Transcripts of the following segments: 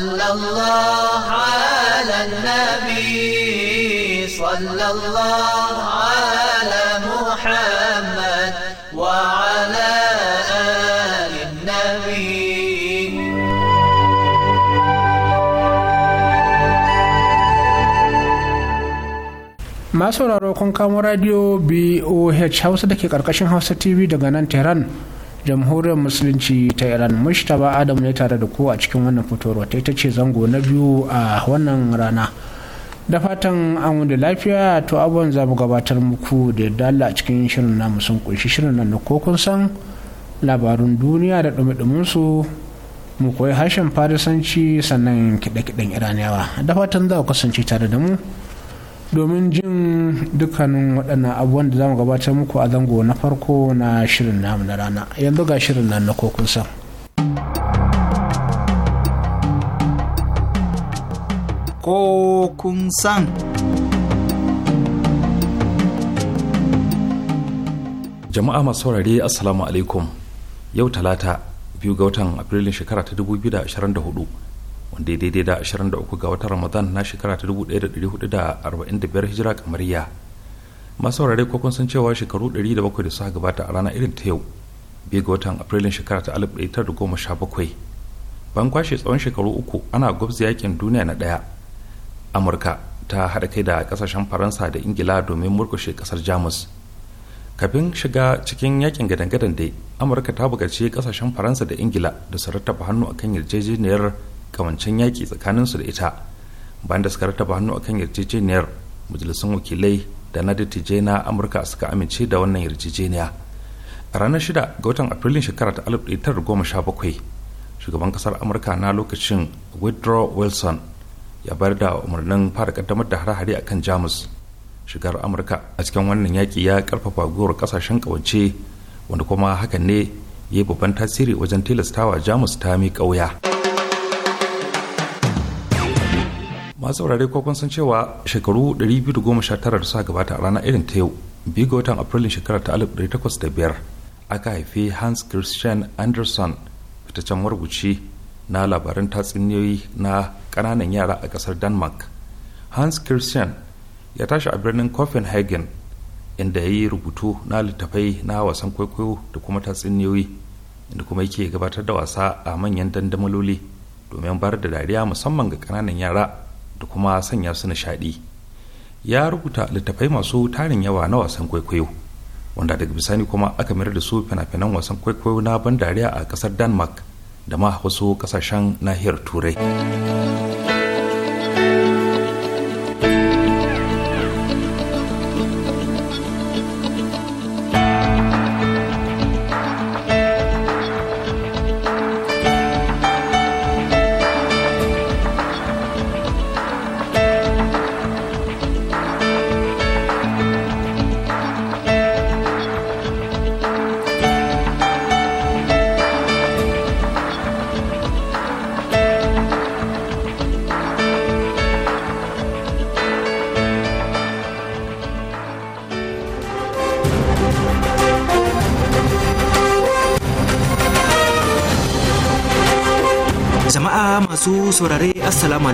صلى الله على النبي صلى الله على محمد وعلى آل النبي masu sauraro kun kamo radio boh hausa da ke karkashin hausa tv daga nan tehran jamhuriyar musulunci ta iran mushtaba adam ne tare da ku a cikin wannan fitowar ta ita ce zango na biyu a wannan rana da fatan an wanda lafiya to abubuwan za mu gabatar muku da dala a cikin shirin namu sun kunshi shirin nan na ko kun san labarun duniya da dumi su mu koyi harshen farisanci sannan kiɗe-kiɗen iraniyawa da fatan za ku kasance tare da mu domin jin dukkanin waɗannan abubuwan da zamu gabatar muku a zango na farko na shirin namu na rana yanzu ga shirin nan na kokun san kokun san jama'a masu saurare assalamu alaikum yau talata biyu ga watan afrilun shekara ta 2024 wanda daidai da 23 ga watan ramadan na shekara ta 1445 hijira kamariya masu saurare ko kun san cewa shekaru 107 da suka gabata a rana irin ta yau biyu ga watan afrilun shekara ta 1917 ban kwashe tsawon shekaru uku ana gwabza yakin duniya na daya amurka ta haɗa kai da kasashen faransa da ingila domin murkushe kasar jamus kafin shiga cikin yakin gadan-gadan dai amurka ta buƙaci kasashen faransa da ingila da su rattaba hannu akan yarjejeniyar kawancen yaƙi su da ita bayan da suka rataba hannu akan yarjejeniyar majalisun wakilai da na dattijai na amurka suka amince da wannan yarjejeniya a ranar shida ga watan afrilun shekara ta goma sha bakwai shugaban kasar amurka na lokacin woodrow wilson ya bayar da umarnin fara kaddamar da hare-hare akan jamus shigar amurka a cikin wannan yaki ya karfafa gwiwar kasashen kawance wanda kuma hakan ne ya yi babban tasiri wajen tilastawa jamus ta mi ƙauya. masu wurare ko kun san cewa shekaru 219 da suka gabata a ranar irin ta yau biyu ga watan afrilun shekarar ta alif 1805 aka haifi hans christian anderson fitaccen marubuci na labarin tatsuniyoyi na kananan yara a kasar denmark hans christian ya tashi a birnin copenhagen inda ya yi rubutu na littafai na wasan kwaikwayo da kuma tatsuniyoyi inda kuma yake gabatar da wasa a manyan dandamaloli domin bar da dariya musamman ga kananan yara da kuma sanya su nishaɗi ya rubuta littattafai masu tarin yawa na wasan kwaikwayo wanda daga bisani kuma aka mayar da su fina-finan wasan kwaikwayo na ban dariya a kasar denmark da ma wasu kasashen nahiyar turai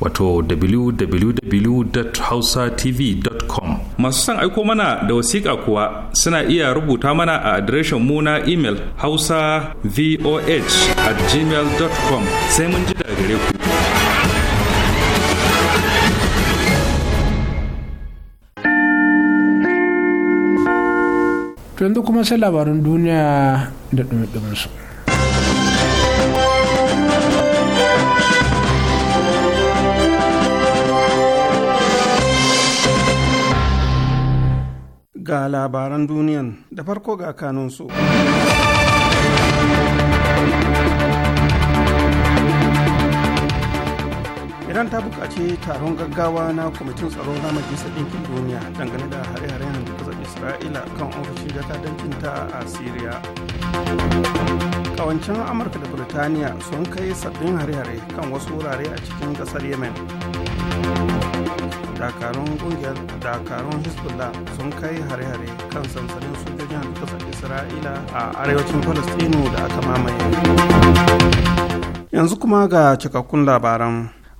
wato www.hausatv.com masu son aiko mana da wasiƙa kuwa suna iya rubuta mana a adireshin mu na imel hausa voh at gmail.com sai mun ji gare ku yanzu kuma sai labarin duniya da ɗumi su. ga labaran duniyan da farko ga kanunsu. iran ta bukaci taron gaggawa na kwamitin tsaro na majalisar ɗinkin duniya dangane da hare-haren kasar isra'ila kan ofishin jakadancin ta a syria kawancin amurka da burtaniya sun kai sabbin hare-hare kan wasu wurare a cikin kasar yemen dakarun kungiyar dakarun hezbollah sun kai hare-hare kan sansanin sojojin kasar isra'ila a arewacin palestino da aka mamaye yanzu kuma ga cikakkun labaran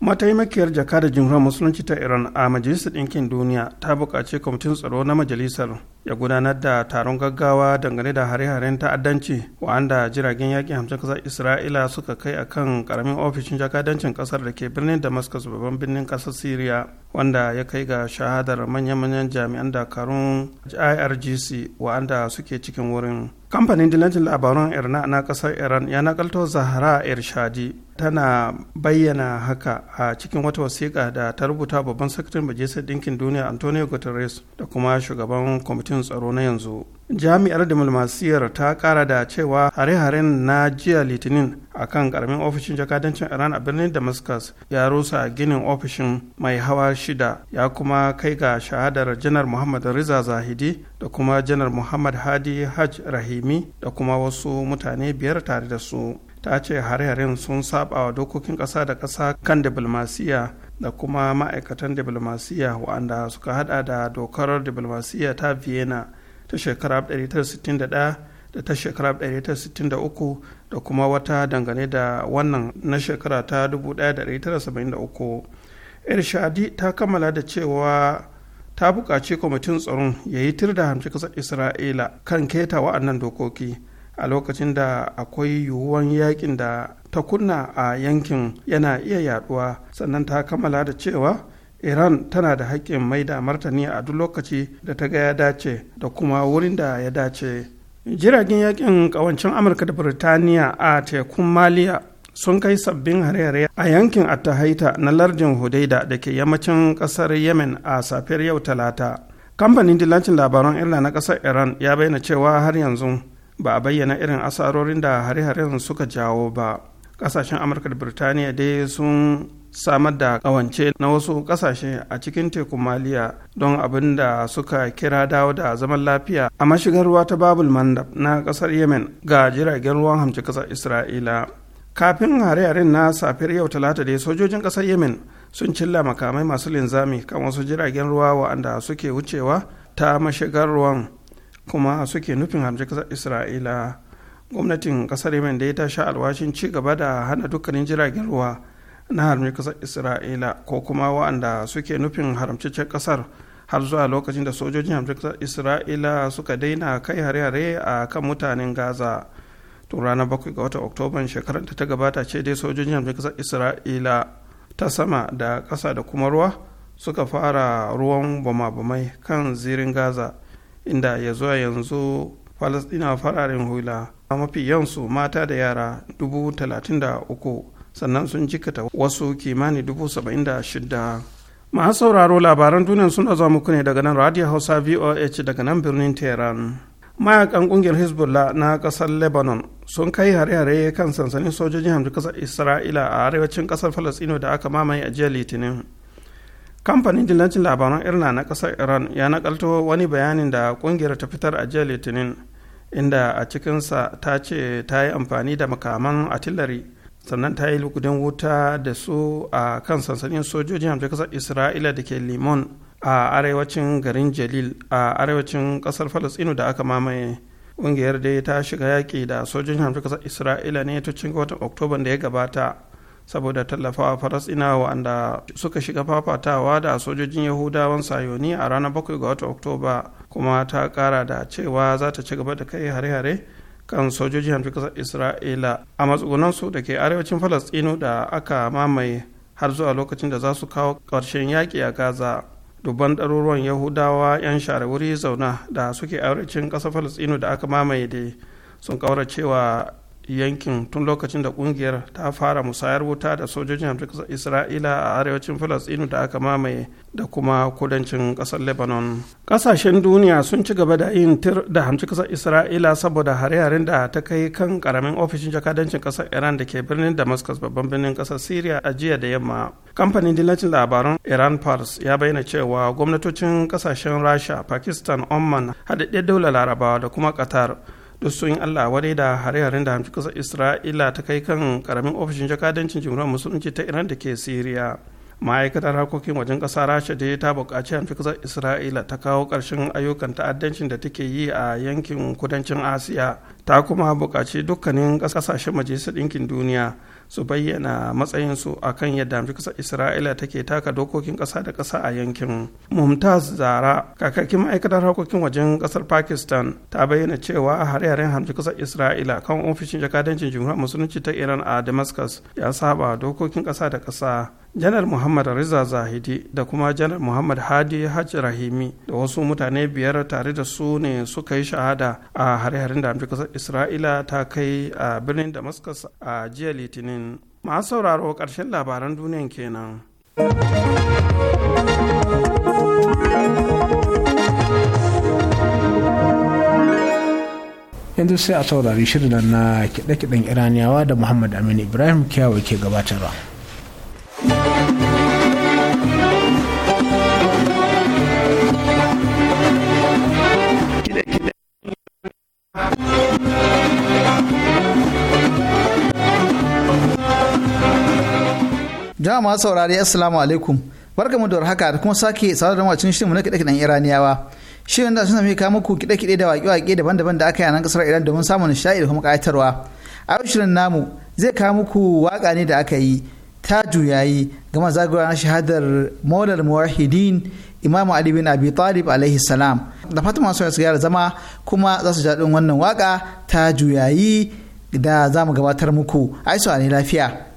mataimakiyar jaka da jimhuriyar musulunci ta iran a majalisar ɗinkin duniya ta buƙaci kwamitin tsaro na majalisar ya gudanar da taron gaggawa dangane da hare-haren ta'addanci wa'anda jiragen yakin hamsin kasar isra'ila suka kai akan karamin ofishin jakadancin kasar da ke birnin damascus babban birnin kasar syria wanda ya kai ga shahadar manya-manyan jami'an dakarun irgc wa'anda suke cikin wurin kamfanin dilancin labaran irna na kasar iran ya nakalto zahra irshadi tana bayyana haka a cikin wata wasiƙa da ta rubuta babban sakataren majalisar ɗinkin duniya antonio guterres da kuma shugaban kwamitin rashin tsaro na yanzu jami'ar dimalmasiyar ta kara da cewa hare-haren na jiya litinin a kan karamin ofishin jakadancin iran a birnin damascus ya rusa ginin ofishin mai hawa shida ya kuma kai ga shahadar janar muhammad riza zahidi da kuma janar muhammad hadi hajj rahimi da kuma wasu mutane biyar tare da su ta ce hare-haren sun saba wa dokokin kasa da kasa kan diplomasiya da kuma ma'aikatan diplomasiya wanda suka hada da dokar diplomasiya ta vienna ta shekara 1961 da ta shekara 1963 da kuma wata dangane da wannan na shekara ta 1973 irshadi ta kammala da cewa ta buƙaci kwamitin tsaron ya yi tir da hamshi ƙasar isra'ila kan keta wa'annan dokoki a lokacin da akwai yiwuwan yakin da ta kunna a yankin yana iya yaduwa sannan ta kammala da cewa iran tana da haƙƙin mai da martani a duk lokaci da ta ga ya dace da kuma wurin da ya dace jiragen yakin kawancin amurka da birtaniya a tekun maliya sun kai sabbin hare-hare a yankin attahaita na lardin hudaida da ke yammacin kasar yemen a safiyar yau talata kamfanin dillancin labaran irla na kasar iran ya bayyana cewa har yanzu ba a bayyana irin asarorin da hare-haren suka jawo ba kasashen amurka da birtaniya dai sun samar da kawance na wasu kasashe a cikin tekun maliya don abin da suka kira dawo da zaman lafiya a mashigar ruwa ta babul mandab na kasar yemen ga jiragen ruwan hamci kasar isra'ila kafin hare-haren na safiyar yau talata dai sojojin kasar yemen sun cilla makamai masu linzami kan wasu jiragen ruwa wa'anda suke wucewa ta mashigar ruwan kuma suke nufin hamci kasar isra'ila gwamnatin kasar yemen da ya tashi alwashin ci gaba da hana dukkanin jiragen ruwa na harmi kasar isra'ila ko kuma wa'anda suke nufin haramcaccen kasar har zuwa lokacin da sojojin haramcin kasar isra'ila suka daina kai hare-hare a kan mutanen gaza tun ranar bakwai ga watan oktoba shekarar da ta gabata ce dai sojojin haramcin kasar isra'ila ta sama da ƙasa da kuma ruwa suka fara ruwan bama-bamai kan zirin gaza inda ya zuwa yanzu falasɗinawa fararen hula a mafi yansu mata da yara dubu talatin da uku sannan sun jikata wasu kimani dubu saba'in da shida masu sauraro labaran duniya suna zuwa muku ne daga nan radio hausa voh daga nan birnin tehran mayakan kungiyar hezbollah na kasar lebanon sun kai hare-hare kan sansanin sojojin hamdu kasar isra'ila a arewacin kasar falastino da aka mamaye a jiya litinin kamfanin dillancin labaran irna na kasar iran ya nakalto wani bayanin da kungiyar ta fitar a jiya litinin inda a cikinsa ta ce ta yi amfani da makaman artillery sannan ta yi lukudin wuta da su a kan sansanin sojojin hamshe kasar isra'ila da ke limon a arewacin garin jalil a arewacin kasar Falasinu da aka mamaye ƙungiyar dai ta shiga yaƙi da sojojin hamshe kasar isra'ila ne ta cin watan oktoban da ya gabata saboda tallafawa falasɗinawa wanda suka shiga fafatawa da sojojin yahudawan sayoni a ranar bakwai ga watan oktoba kuma ta kara da cewa za ta ci gaba da kai hare-hare kan sojoji sojojin kasar isra'ila a matsugunansu da ke arewacin falasɗinu da aka mamaye har zuwa lokacin da za su kawo ƙarshen yaƙi a gaza dubban ɗaruruwan yahudawa 'yan share wuri zauna da suke arewacin ƙasar falasɗinu da aka mamaye da sun cewa. yankin tun lokacin da kungiyar ta fara musayar wuta da sojojin amurka isra'ila a arewacin falasdinu da aka mamaye da kuma kudancin kasar lebanon kasashen duniya sun ci gaba da yin tir da hamci kasar isra'ila saboda hare-haren da ta kai kan karamin ofishin jakadancin kasar iran da ke birnin damascus babban birnin kasar syria a jiya da yamma kamfanin dillacin labaran iran pars ya bayyana cewa gwamnatocin kasashen rasha pakistan oman haɗaɗɗen daular larabawa da kuma qatar duk sun yi allah wadai da hare-haren da hamci kasar isra'ila ta kai kan karamin ofishin jakadancin jimuran musulunci ta iran da ke siriya ma'aikatar harkokin wajen ƙasa rasha da ta buƙaci hamci kasar isra'ila ta kawo ƙarshen ayyukan ta'addancin da take yi a yankin kudancin asiya ta kuma buƙaci dukkanin ƙasashen majalisar ɗinkin duniya su bayyana matsayinsu a kan yadda hamshi kasar isra'ila take taka dokokin ƙasa da ƙasa a yankin mumtaz zara kakakin ma'aikatar harkokin wajen ƙasar pakistan ta bayyana cewa hare-haren hamshi kasar isra'ila kan ofishin jakadancin jimhuriyar musulunci ta iran a damascus ya saba dokokin ƙasa da ƙasa janar muhammad riza zahidi da kuma janar muhammad hadi hajj rahimi da wasu mutane biyar tare da su ne suka yi shahada a hare-haren da amurka isra'ila ta kai a birnin damascus a jiya litinin masu sauraro ƙarshen labaran duniyan kenan yanzu sai a saurari shirin na kiɗe-kiɗen iraniyawa da muhammad aminu ibrahim kyawo ke gabatarwa jama'a masu saurari assalamu alaikum barkamu da warhaka da kuma sake saurari don wacin shirin na kiɗe-kiɗen iraniyawa shirin da sun sami kawo muku kiɗe-kiɗe da waƙe-waƙe daban-daban da aka yi a nan ƙasar iran domin samun nishaɗi da kuma ƙayatarwa a yau shirin namu zai kawo muku waƙa ne da aka yi ta juyayi gama zagora na shahadar maular muwahidin imamu ali bin abi talib alaihi salam da fatima masu su gyara zama kuma za su jaɗin wannan waƙa ta juyayi da za mu gabatar muku a yi ne lafiya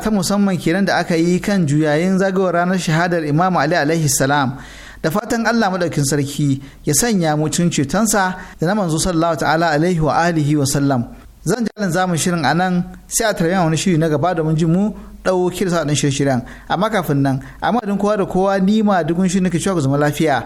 ta musamman kenan da aka yi kan juyayin zagawar ranar shahadar Imam Ali alaihi salam da fatan Allah madaukin sarki ya sanya mu cin cetonsa da na manzo sallallahu ta'ala alaihi wa alihi wa sallam zan jalin zamu shirin anan sai a tarayyan wani shiri na gaba da mun ji mu ɗauki da sa shirye-shiryen amma kafin nan amma din kowa da kowa ni ma dugun shi nake cewa ku zama lafiya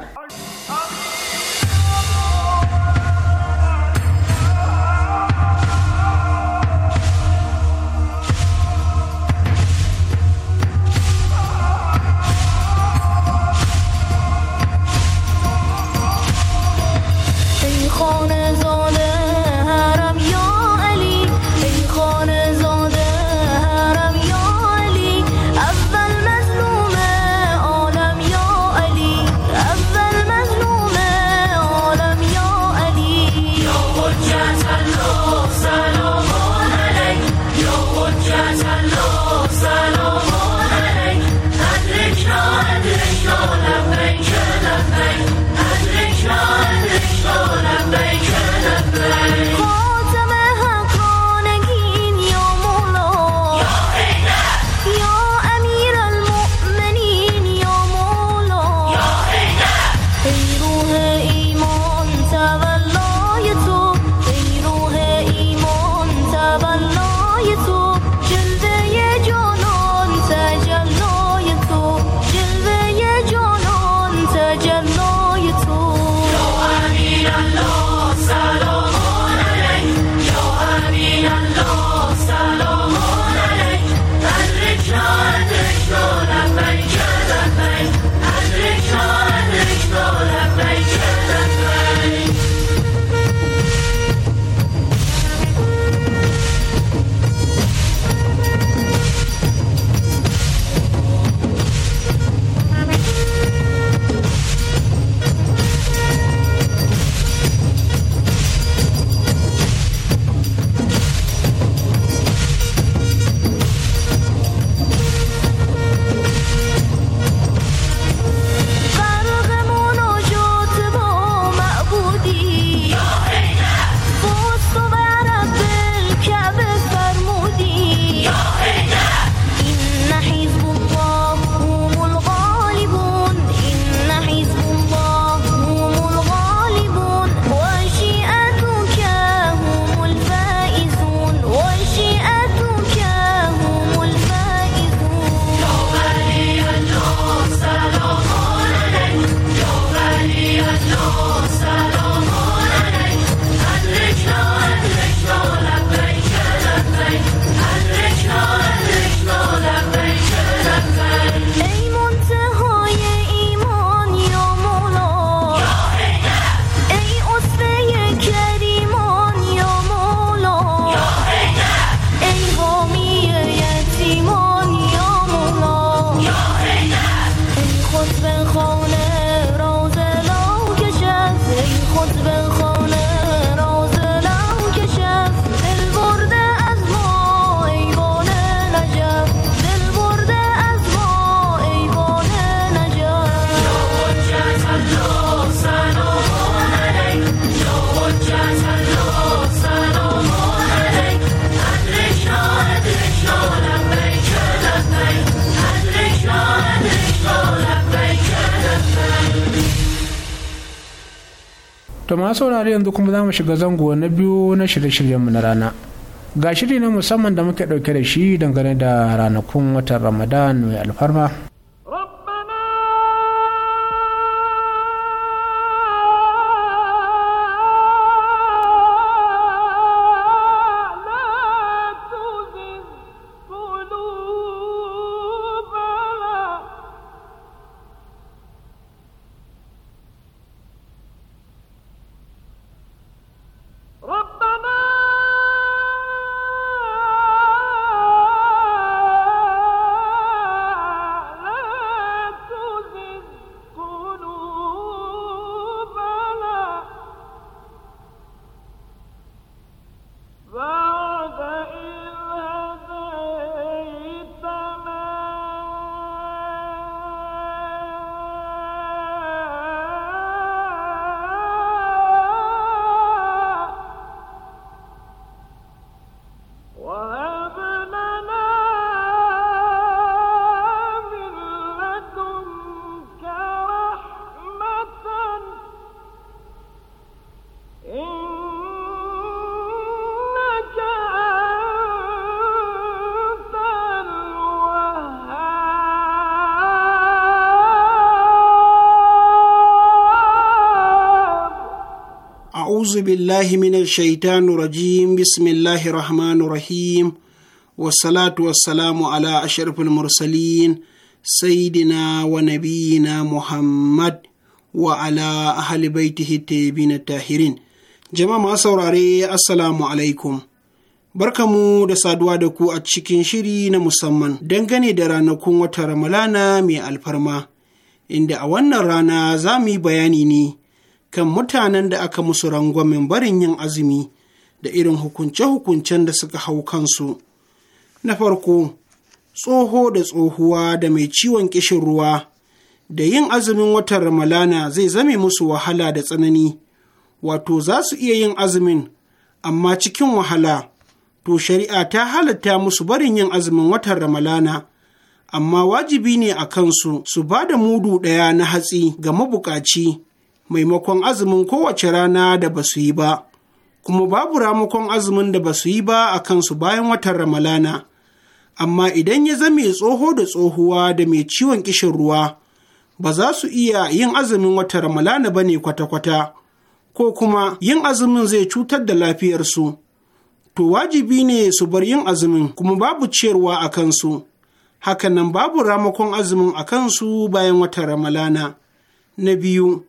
masu saurari yanzu kuma za mu shiga zango na biyu na shirye-shiryenmu na rana ga shiri na musamman da muke ɗauke da shi dangane da ranakun watan ramadan mai alfarma أعوذ بالله من الشيطان الرجيم بسم الله الرحمن الرحيم والصلاة والسلام على أشرف المرسلين سيدنا ونبينا محمد وعلى أهل بيته الطيبين الطاهرين جماعة سوراري السلام عليكم Barkamu da saduwa da ku a cikin shiri na musamman dangane da ranakun wata Ramalana mai alfarma, inda a wannan rana za mu yi bayani ne kan mutanen da aka musu rangwamen barin yin azumi da irin hukunce-hukuncen da suka hau kansu. Na farko, tsoho da tsohuwa da mai ciwon ƙishin ruwa da yin azumin watan Ramalana zai zame musu wahala da tsanani, wato za su iya yin azumin, amma cikin wahala, to shari'a ta halatta musu barin yin azumin watan Ramalana. amma wajibi ne a kansu su ba da mudu ɗaya na hatsi ga mabuƙaci. maimakon azumin kowace rana da ba su yi ba, kuma babu ramakon azumin da ba su yi ba a kansu bayan watan Ramalana. Amma idan ya zame tsoho da tsohuwa da mai ciwon kishin ruwa, ba za su iya yin azumin watan Ramalana ba ne kwata-kwata, ko kuma yin azumin zai cutar da lafiyarsu. To wajibi ne su bar yin azumin kuma babu ciyarwa a kansu. Hakanan babu ramakon azumin a kansu bayan watan Ramalana. Na biyu,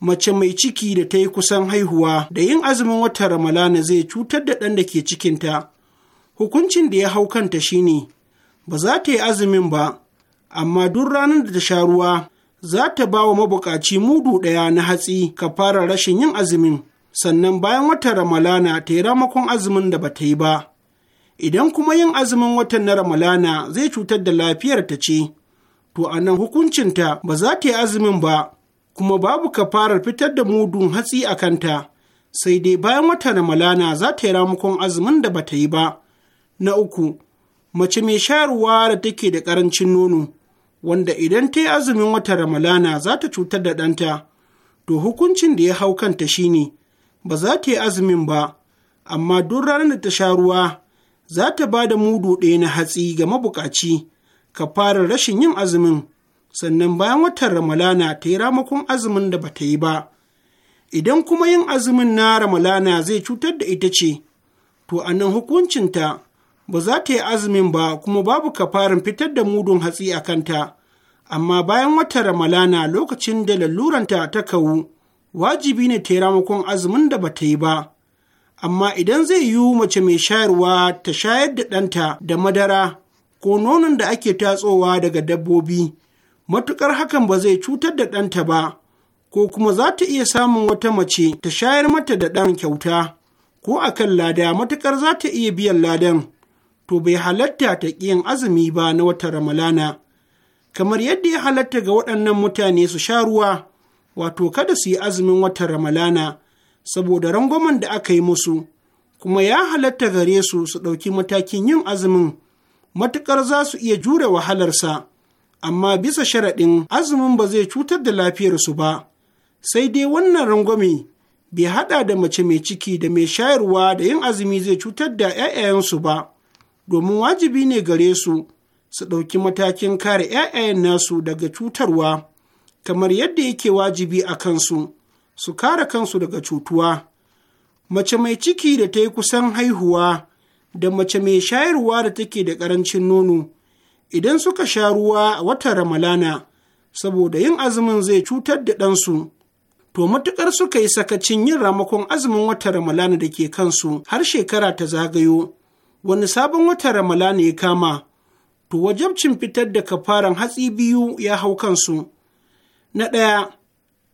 mace mai ciki da ta yi kusan haihuwa da yin azumin watan ramalana zai cutar da ɗan da ke cikinta hukuncin da ya hau kanta shi ne, ba za ta yi azumin ba amma duk ranar da ta sha ruwa za ta ba wa mabukaci mudu ɗaya na hatsi ka fara rashin yin azumin sannan bayan watan ramalana ta yi ramakon azumin da ba ta yi ba idan kuma yin azumin watan na ramalana zai cutar da lafiyar ta ce to a nan hukuncinta ba za ta yi azumin ba kuma babu kafarar fitar da mudun hatsi a kanta, sai dai bayan wata Ramalana za ta yi ramukon azumin da bata yi ba. Na uku, mace mai shayarwa da take da ƙarancin nono, wanda idan ta yi azumin wata Ramalana za ta cutar da ɗanta, to hukuncin da ya hau kanta shi ne, ba za ta yi azumin ba, amma duk ranar da ta sha ruwa za ta ba da mudu ɗaya na hatsi ga mabuƙaci kafarar rashin yin azumin. sannan bayan watan ramalana ta yi ramakon azumin da bata yi ba idan kuma yin azumin na ramalana zai cutar da ita ce to a nan hukuncinta ba za ta yi azumin ba kuma babu kafarin fitar da mudun hatsi a kanta amma bayan watan ramalana lokacin da laluranta ta kawu wajibi ne ta yi ramakon azumin da bata yi ba amma idan zai yiwu mace mai shayarwa ta shayar da ɗanta da madara ko nonon da ake tatsowa daga dabbobi matuƙar hakan ba zai cutar da ɗanta ba, ko kuma za ta iya samun wata mace ta shayar mata da ɗan kyauta, ko a kan lada Matukar za ta iya biyan ladan, to bai halatta ta ƙiyan azumi ba na wata Ramalana. Kamar yadda ya halatta ga waɗannan mutane su sha ruwa, wato kada su yi azumin wata Ramalana, saboda rangwamen da aka yi musu, kuma ya halatta gare su su ɗauki matakin yin azumin, matuƙar za su iya jure wahalarsa. amma bisa sharaɗin azumin ba zai cutar da lafiyarsu ba, sai dai wannan rangwame bai haɗa da mace mai ciki da mai shayarwa da yin azumi zai cutar da 'ya'yayensu ba, domin wajibi ne gare su su ɗauki matakin kare 'ya'yayen nasu daga cutarwa, kamar yadda yake wajibi a kansu, su kare kansu daga cutuwa. Mace mai ciki da ta yi kusan haihuwa da mace mai shayarwa da take da ƙarancin nono. idan suka sha ruwa a watan Ramalana, saboda yin azumin zai cutar da ɗansu. To matuƙar suka yi sakacin yin ramakon azumin watan Ramalana da ke kansu har shekara ta zagayo, wani sabon watan Ramalana ya kama, to wajabcin fitar da kafaran hatsi biyu ya hau kansu. Na ɗaya,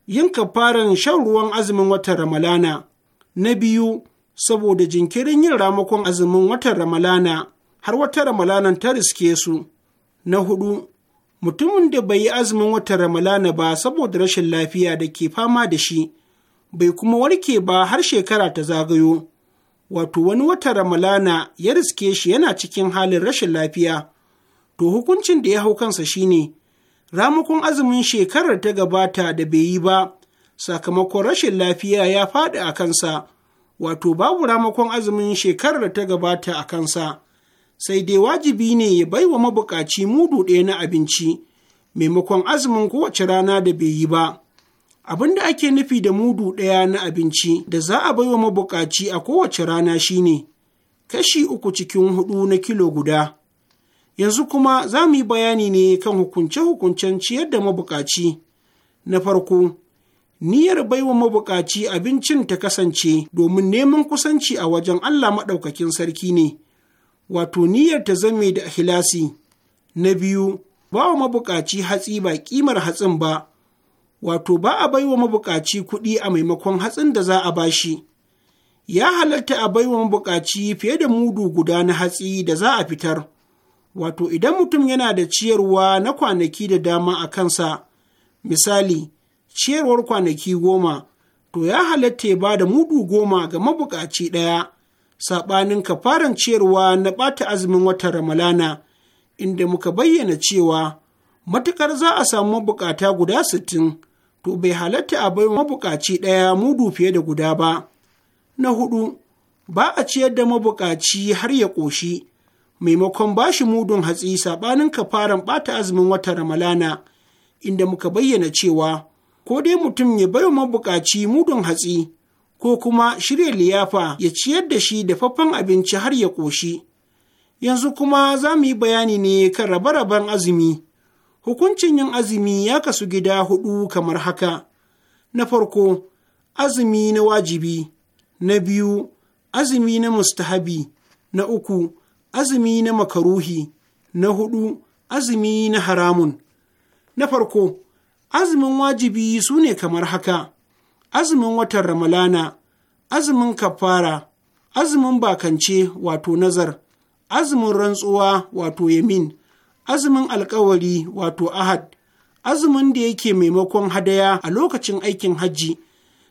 yin kafaran shan ruwan azumin watan Ramalana. Na biyu, saboda jinkirin yin ramakon azumin watan Ramalana har wata Ramalanan ta riske su. Na hudu, mutumin da bai yi azumin watan Ramalana ba saboda rashin lafiya da ke fama da shi, bai kuma warke ba har shekara ta zagayo. Wato wani watan Ramalana ya riske shi yana cikin halin rashin lafiya. To hukuncin da ya hau kansa shi ne, ramakon azumin shekarar ta gabata da bai yi ba, sakamakon rashin lafiya ya faɗi a kansa, wato babu ramakon azumin shekarar ta gabata a kansa. sai dai wajibi ne ya bai wa mabukaci mudu ɗaya na abinci maimakon azumin kowace rana da bai yi ba abin da ake nufi da mudu ɗaya na abinci da za a bai wa mabukaci a kowace rana shine kashi uku cikin hudu na kilo guda yanzu kuma za mu yi bayani ne kan hukunce-hukuncen ciyar da mabukaci na farko niyyar baiwa mabukaci abincin ta kasance domin neman kusanci a wajen Allah maɗaukakin sarki ne, wato niyyar ta zame da hilasi na biyu ba wa mabukaci hatsi ba kimar hatsin ba wato ba a baiwa mabukaci kuɗi a maimakon hatsin da za a bashi ya halatta a baiwa mabukaci fiye da mudu guda na hatsi da za a fitar wato idan mutum yana da ciyarwa na kwanaki da dama a kansa misali ciyarwar kwanaki goma to ya halatta ya ba da mudu goma ga mabukaci ɗaya saɓanin kafaran ciyarwa na ɓata azumin watan Ramalana, inda muka bayyana cewa matuƙar za a samu mabukata guda sittin, to bai halatta a bai mabukaci ɗaya mudu fiye da guda ba. Na hudu, ba a ciyar da mabukaci har ya ƙoshi, maimakon ba shi mudun hatsi saɓanin kafaran ɓata azumin watan Ramalana, inda muka bayyana cewa ko dai mutum ya bai mabukaci mudun hatsi ko kuma shirya liyafa ya ciyar da shi dafaffen abinci har ya ƙoshi. Yanzu kuma za mu yi bayani ne kan rabe-raben azumi. Hukuncin yin azumi ya kasu gida hudu kamar haka. Na farko, azumi na wajibi. Na biyu, azumi na mustahabi. Na uku, azumi na makaruhi. Na huɗu, azumi na haramun. Na farko, azumin wajibi su ne kamar haka. azumin watan ramalana azumin kafara azumin bakance wato nazar azumin rantsuwa wato yamin azumin alkawari wato ahad azumin da yake maimakon hadaya a lokacin aikin hajji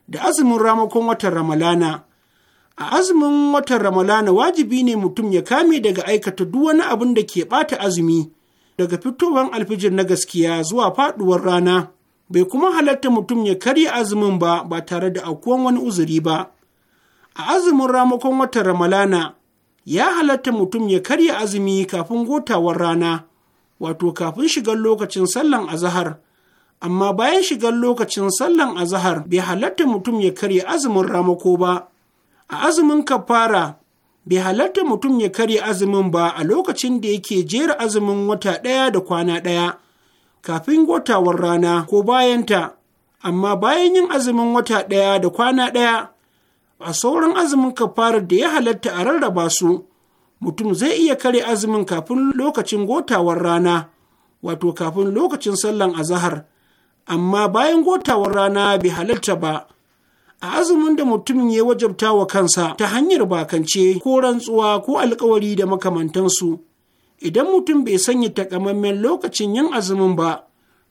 da azumin ramakon watan ramalana a azumin watan ramalana wajibi ne mutum ya kame daga aikata duk wani abin da ke ɓata azumi daga fitowar alfijir na gaskiya zuwa faɗuwar rana bai kuma halatta mutum ya karya azumin ba ba tare da akuwan wani uzuri ba a azumin ramakon watan ramalana ya halatta mutum ya karya azumi kafin gotawar rana wato kafin shigar lokacin sallan azahar amma bayan shigar lokacin sallan azahar bai halatta mutum ya karya azumin ramako ba a azumin kafara bai halatta mutum ya karya azumin ba a lokacin da yake jera azumin wata ɗaya da kwana ɗaya kafin gotawar rana ko bayanta, amma bayan yin azumin wata ɗaya da kwana ɗaya, a sauran azumin kafarar da ya halatta a rarraba su, mutum zai iya kare azumin kafin lokacin gotawar rana, wato kafin lokacin sallan azahar, amma bayan gotawar rana bai halatta ba. a azumin da mutumin ya wajabta wa kansa ta hanyar bakance ko rantsuwa ko alkawari da makamantansu idan mutum bai sanya takamaiman lokacin yin azumin ba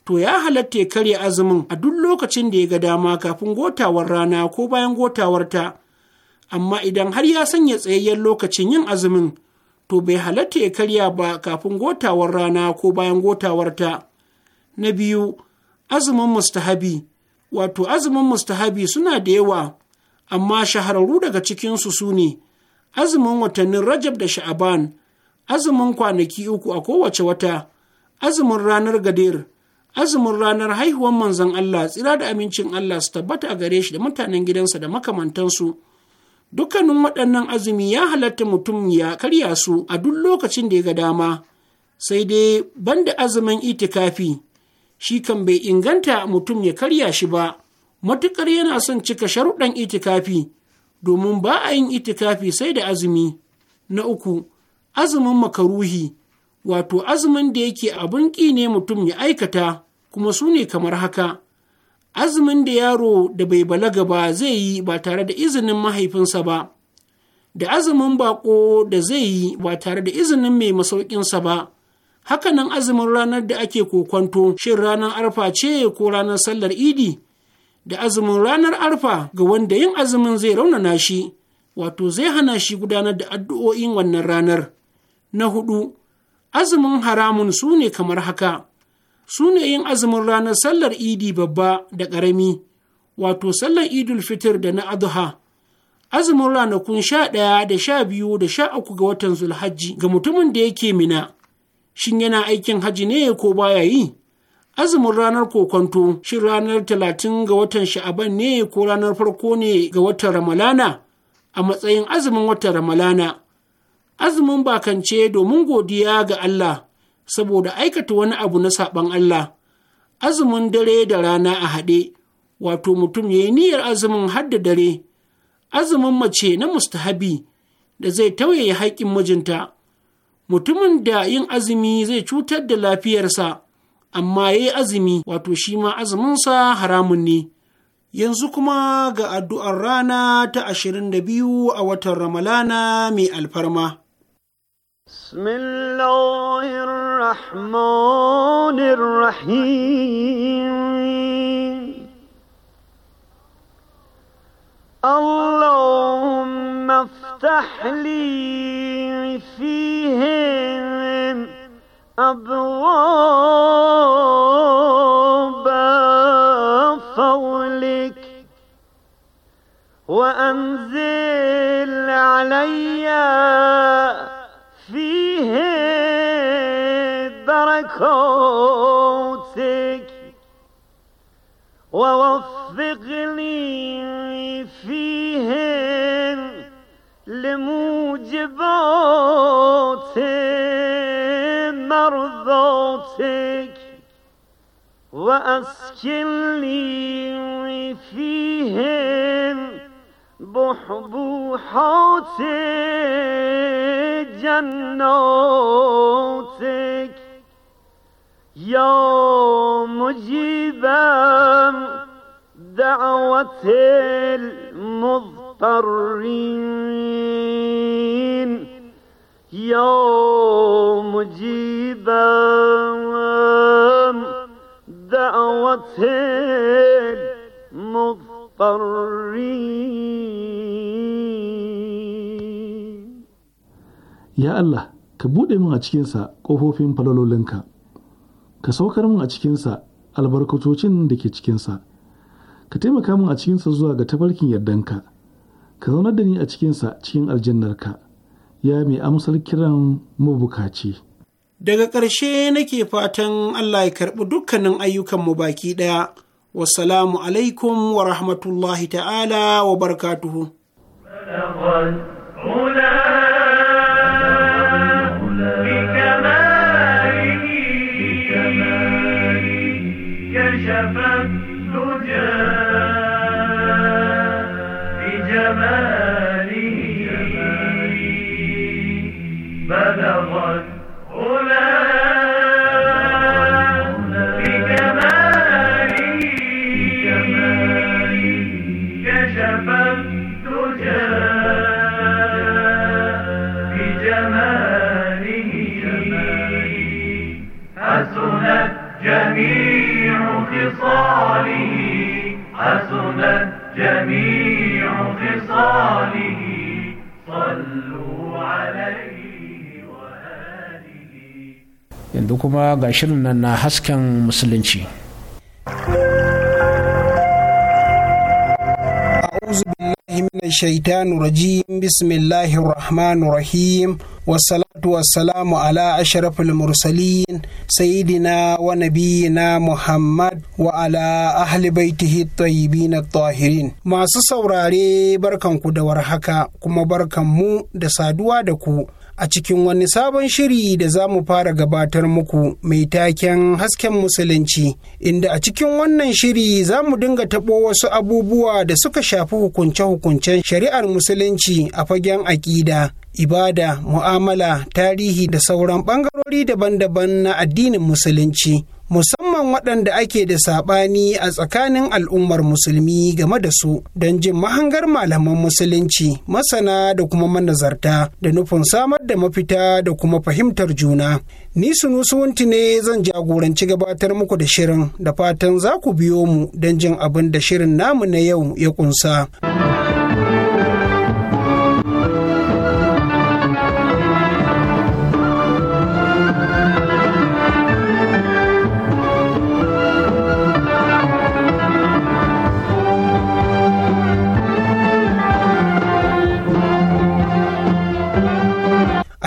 to ya halatta ya karya azumin a duk lokacin da ya ga dama kafin gotawar rana ko bayan gotawarta amma idan har ya sanya tsayayyen lokacin yin azumin to bai halatta ya karya ba kafin gotawar rana ko bayan gotawarta na biyu azumin mustahabi wato azumin mustahabi suna da yawa amma shahararru daga cikinsu su ne azumin watannin rajab da sha'aban azumin kwanaki uku a kowace wata azumin ranar gadir azumin ranar haihuwar manzon Allah tsira da amincin Allah su tabbata a gare shi da mutanen gidansa da makamantansu dukkanin waɗannan azumi ya halatta mutum ya karya su a duk lokacin da ya ga dama sai dai banda azumin itikafi shi kan bai inganta mutum ya karya shi ba matuƙar yana son cika sharuɗan itikafi domin ba a yin itikafi sai da azumi na uku azumin makaruhi wato azumin da yake abin ƙi ne mutum ya aikata kuma su ne kamar haka azumin da yaro da bai balaga ba zai yi ba tare da izinin mahaifinsa ba da azumin bako da zai yi ba tare da izinin mai masauƙinsa ba Haka nan azumin ranar da ake kokwanto shin ranar arfa ce ko ranar sallar idi da azumin ranar arfa ga wanda yin azumin zai raunana shi wato zai hana shi gudanar da addu'o'in wannan ranar Na hudu, azumin haramun su ne kamar haka, su ne yin azumin ranar sallar idi babba da ƙarami, wato sallar idul fitir da na adha. Azumin ranakun sha ɗaya da sha biyu da sha uku ga watan Zulhajji ga mutumin da yake mina, shin yana aikin haji ne ko baya yi? azumin ranar kokonto shin ranar talatin ga watan sha'aban ne ko ranar farko ne ga watan ramalana a matsayin azumin watan ramalana azumin bakance domin godiya ga Allah saboda aikata wani abu na saɓan Allah, azumin dare da rana a haɗe, wato mutum ya yi niyyar azumin hadda dare, azumin mace na mustahabi da zai tauye haƙƙin mijinta, mutumin da yin azumi zai cutar da lafiyarsa, amma ya yi azumi wato shi ma azuminsa haramun ne. Yanzu kuma ga addu'ar rana ta ashirin da biyu a watan Ramalana mai alfarma. بسم الله الرحمن الرحيم اللهم افتح لي فيهم أبواب فضلك وأنزل عليّ خاطرك ووفقني فيهن لموجبات مرضاتك وأسكنني فيهن بحبوحات جناتك يا مجيبا دعوة المضطرين يا مجيبا دعوة المضطرين يا الله ka ما min كوفو فين ƙofofin لنكا ka saukar min a cikinsa albarkatocin da ke cikinsa ka taimaka min a cikinsa zuwa ga tafarkin yardanka ka zaunar da ni a cikinsa cikin aljannarka ya mai amsar kiran mabukaci daga ƙarshe nake fatan allah ya karɓi dukkanin ayyukanmu baki ɗaya wasalamu alaikum wa rahmatullahi ta'ala wa barakatuhu حسنت جميع خصاله حسنت جميع خصاله صلوا عليه yanzu kuma ga shirin nan na hasken musulunci أعوذ بالله من الشيطان الرجيم بسم الله الرحمن الرحيم والسلام salatu wassalamu ala ashrafil mursalin sayyidina wa nabiyina Muhammad wa ala ahli baitihi tayyibin tahirin masu saurare barkanku da warhaka kuma barkanmu da saduwa da ku a cikin wani sabon shiri da za mu fara gabatar muku mai taken hasken musulunci inda a cikin wannan shiri za mu dinga taɓo wasu abubuwa da suka shafi hukunce-hukuncen shari'ar musulunci a fagen aƙida ibada mu'amala tarihi da sauran ɓangarori daban-daban na addinin musulunci musamman waɗanda ake da saɓani a tsakanin al'ummar musulmi game da su don jin mahangar malaman musulunci masana da kuma manazarta da nufin samar da mafita da kuma fahimtar juna ni sunusuwunti ne zan jagoranci gabatar muku da shirin da fatan za ku biyo mu don jin abin da shirin namu na yau ya ƙunsa.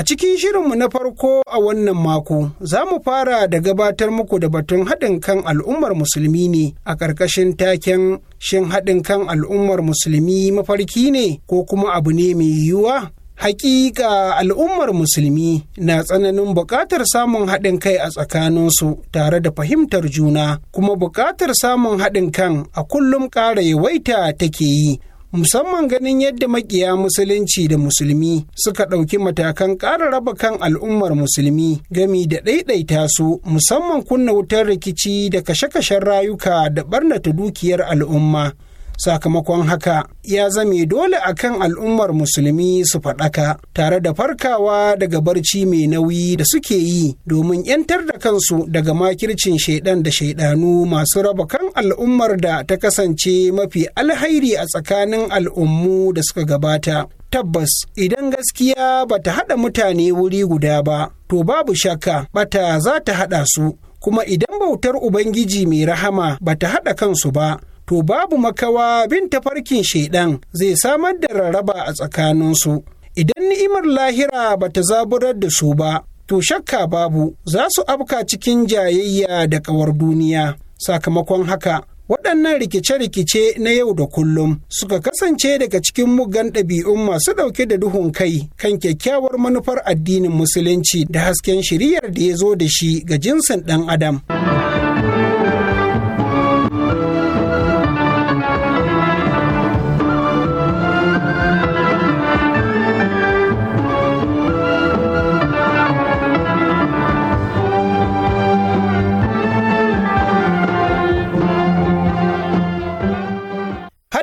cikin shirinmu na farko a wannan mako, za mu fara da gabatar muku da batun haɗin kan al'ummar musulmi ne a ƙarƙashin taken shin haɗin kan al'ummar musulmi mafarki ne ko kuma abu ne mai yiwuwa? Hakika al'ummar musulmi na tsananin buƙatar samun haɗin kai a tsakaninsu tare da fahimtar juna, kuma buƙatar samun haɗin kan a kullum ƙara yawaita take yi. musamman ganin yadda makiya musulunci da musulmi suka ɗauki matakan ƙara raba kan al'ummar musulmi gami da ɗaiɗaita su musamman kunna wutar rikici da kashe-kashen rayuka da ɓarnata dukiyar al'umma sakamakon haka ya zame dole a kan al'ummar musulmi su faɗaka tare da farkawa daga barci mai nauyi da suke yi domin 'yantar da kansu daga makircin shaidan da shaidanu masu raba kan al'ummar da ta kasance mafi alhairi a tsakanin al'ummu da suka gabata tabbas idan gaskiya ba ta haɗa mutane wuri guda ba to babu shakka bata za ta haɗa su kuma idan bautar ubangiji mai rahama ba ta haɗa kansu ba to babu makawa bin tafarkin shaidan zai samar da rarraba a tsakaninsu. Idan ni'imar lahira ba ta zaburar da su ba, to shakka babu za su afka cikin jayayya da kawar duniya. Sakamakon haka, waɗannan rikice-rikice na yau da kullum suka kasance daga cikin mugan ɗabi'un masu ɗauke da duhun kai kan kyakkyawar manufar addinin musulunci da hasken shiriyar da ya zo da shi ga jinsin ɗan adam.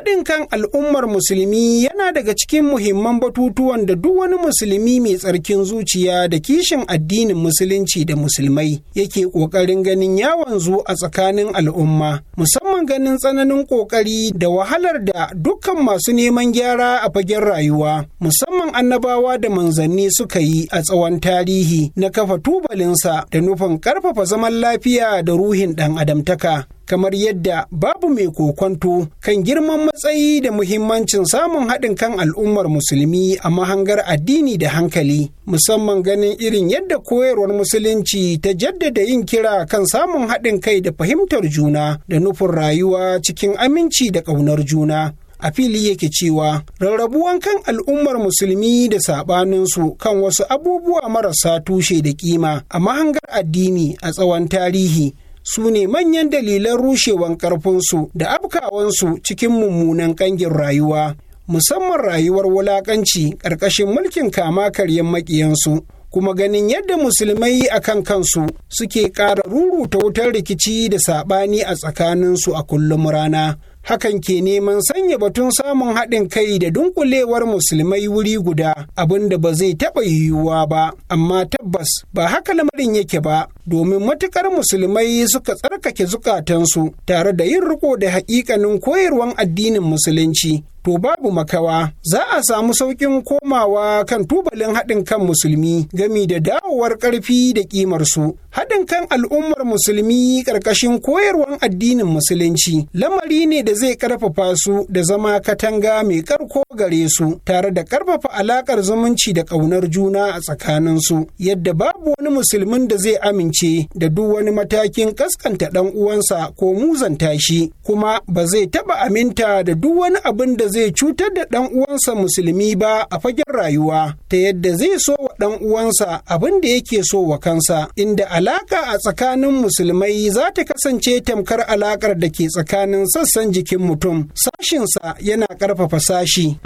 haɗin kan al'ummar musulmi yana daga cikin muhimman batutuwan da duk wani musulmi mai tsarkin zuciya da kishin addinin musulunci da musulmai yake ƙoƙarin ganin yawon zu a tsakanin al'umma musamman ganin tsananin ƙoƙari da wahalar da dukkan masu neman gyara a fagen rayuwa musamman annabawa da manzanni suka yi a tsawon tarihi na kafa tubalinsa da nufin ƙarfafa zaman lafiya da ruhin ɗan adamtaka kamar yadda babu mai kokwanto kan girman matsayi da muhimmancin samun haɗin kan al'ummar musulmi a mahangar addini da hankali musamman ganin irin yadda koyarwar musulunci ta jaddada yin kira kan samun haɗin kai da fahimtar juna da nufin rayuwa cikin aminci da ƙaunar juna a fili yake cewa rarrabuwan kan al'ummar musulmi da saɓaninsu kan wasu abubuwa marasa tushe da kima a mahangar addini a tsawon tarihi su ne manyan dalilan rushewan ƙarfinsu da afkawansu cikin mummunan ƙangin rayuwa musamman rayuwar wulaƙanci ƙarƙashin mulkin kama karyan maƙiyansu kuma ganin yadda musulmai a kan kansu suke ƙara ruruta wutar rikici da saɓani a tsakaninsu a kullum rana. Hakan ke neman sanya batun samun haɗin kai da dunkulewar musulmai wuri guda abin da ba zai taɓa yiwuwa ba, amma tabbas ba haka lamarin yake ba. domin matuƙar musulmai suka tsarkake zukatansu tare da yin riko da haƙiƙanin koyarwan addinin musulunci to babu makawa za a samu sauƙin komawa kan tubalin haɗin kan musulmi gami da dawowar ƙarfi da ƙimarsu haɗin kan al'ummar musulmi ƙarƙashin koyarwan addinin musulunci lamari ne da zai ƙarfafa su da zama katanga mai ƙarko gare su tare da ƙarfafa alaƙar zumunci da ƙaunar juna a tsakaninsu yadda babu wani musulmin da zai amince ce da duk wani matakin kaskanta ɗan uwansa ko muzanta shi kuma ba zai taɓa aminta da duk wani abin da zai cutar da ɗan uwansa musulmi ba a fagen rayuwa ta yadda zai so wa ɗan uwansa abin da yake so wa kansa inda alaka a tsakanin musulmai za ta kasance tamkar alakar da ke tsakanin sassan jikin mutum sashinsa yana ƙarfafa sashi.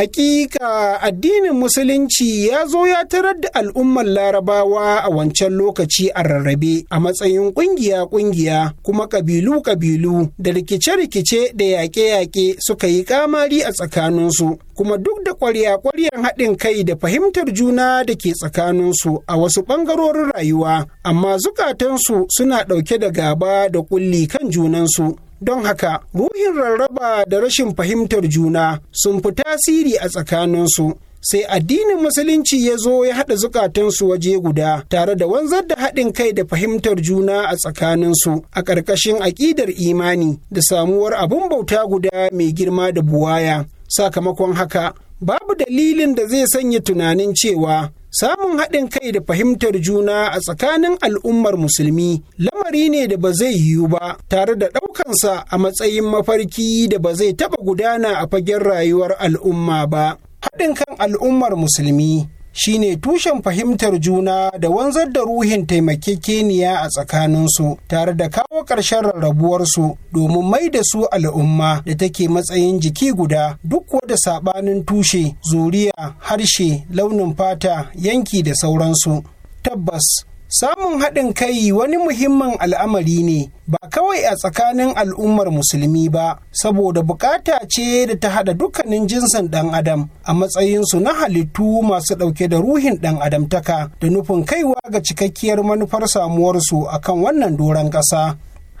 Hakika addinin Musulunci ya zo ya tarar da al'ummar Larabawa a wancan lokaci a rarrabe a matsayin ƙungiya-ƙungiya kuma ƙabilu-ƙabilu da rikice-rikice da yaƙe-yaƙe suka yi kamari a tsakaninsu. kuma duk da kwarya-kwaryan haɗin kai da fahimtar juna da ke tsakaninsu a wasu ɓangarorin rayuwa, amma zukatansu suna ɗauke da gaba da ƙulli kan junansu. don haka ruhin rarraba da rashin fahimtar juna sun fi tasiri a tsakaninsu sai addinin musulunci ya zo ya haɗa zukatansu waje guda tare da wanzar da haɗin kai da fahimtar juna a tsakaninsu a ƙarƙashin aƙidar imani da samuwar abin bauta guda mai girma da buwaya sakamakon haka babu dalilin da zai sanya tunanin cewa samun haɗin kai da fahimtar juna a tsakanin al'ummar musulmi lamari ne da ba zai yiwu ba tare da ɗaukansa a matsayin mafarki da ba zai taɓa gudana a fagen rayuwar al'umma ba haɗin kan al'ummar musulmi shine tushen fahimtar juna da wanzar da ruhin taimakekeniya a tsakaninsu tare da kawo ƙarshen rarrabuwarsu domin mai da su al'umma da take matsayin jiki guda duk da saɓanin tushe zuriya harshe launin fata yanki da sauransu tabbas Samun haɗin kai wani muhimmin al'amari ne ba kawai a tsakanin al'ummar musulmi ba, saboda bukata ce da ta haɗa dukkanin jinsin ɗan adam a matsayinsu na halittu masu ɗauke da ruhin ɗan adamtaka da nufin kaiwa ga cikakkiyar manufar samuwarsu a kan wannan doron ƙasa.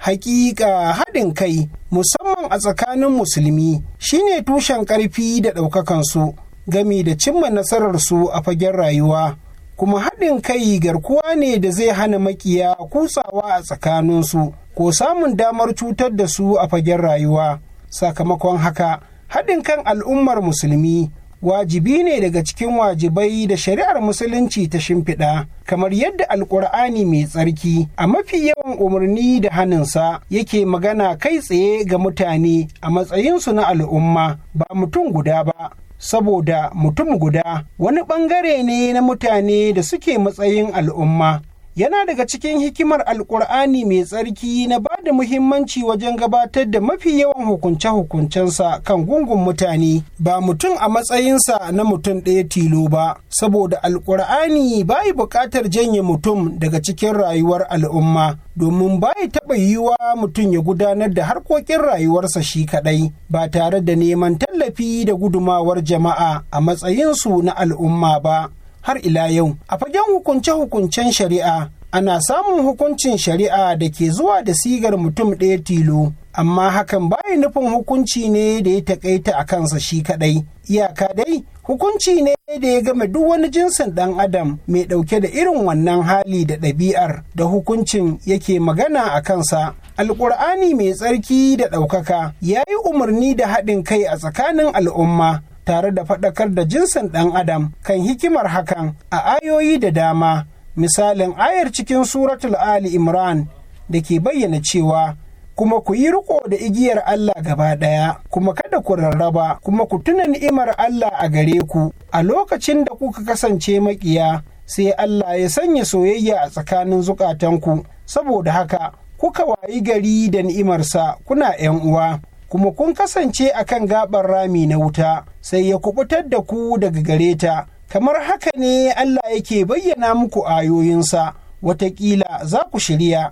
hakika haɗin kai musamman a tsakanin musulmi shine tushen ƙarfi da ɗaukakansu gami da cimma nasararsu a fagen rayuwa kuma haɗin kai garkuwa ne da zai hana makiya kusawa a tsakaninsu ko samun damar cutar da su a fagen rayuwa sakamakon haka haɗin kan al'ummar musulmi wajibi ne daga cikin wajibai da shari'ar musulunci ta shimfiɗa kamar yadda alƙur'ani mai tsarki a mafi yawan umarni da haninsa yake magana kai tsaye ga mutane a matsayinsu na al'umma ba mutum guda ba saboda mutum guda wani ɓangare ne na mutane da suke matsayin al'umma yana daga cikin hikimar alkur'ani mai tsarki na ba da muhimmanci wajen gabatar da mafi yawan hukunce-hukuncensa kan gungun mutane ba mutum a matsayinsa na mutum ɗaya tilo ba saboda alkur'ani bai buƙatar janye mutum daga cikin rayuwar al'umma domin bai taɓa yiwuwa mutum ya gudanar da harkokin rayuwarsa shi kaɗai ba tare da neman tallafi da gudumawar jama'a a matsayinsu na al'umma ba har ila yau a fagen hukunce-hukuncen shari'a ana samun hukuncin shari'a da ke zuwa da sigar mutum ɗaya tilo amma hakan baya nufin hukunci ne da ya taƙaita a kansa shi kaɗai. iyaka dai hukunci ne da ya game duk wani jinsin ɗan adam mai ɗauke da irin wannan hali da ɗabi'ar da hukuncin yake magana a kansa alƙur'ani mai tsarki da ɗaukaka ya yi umarni da haɗin kai a tsakanin al'umma tare da faɗakar da jinsin ɗan adam kan hikimar hakan a ayoyi da dama misalin ayar cikin suratul ali imran da ke bayyana cewa kuma ku yi riko da igiyar Allah gaba ɗaya kuma kada ku rarraba kuma ku tuna ni'imar Allah a gare ku a lokacin da kuka kasance maƙiya sai Allah ya sanya soyayya a tsakanin zukatanku saboda haka kuka wayi gari da ni'imarsa kuna 'yan uwa kuma kun kasance a kan gaɓar rami na wuta sai ya kubutar da ku daga gare ta kamar haka ne Allah yake bayyana muku ayoyinsa watakila za ku shirya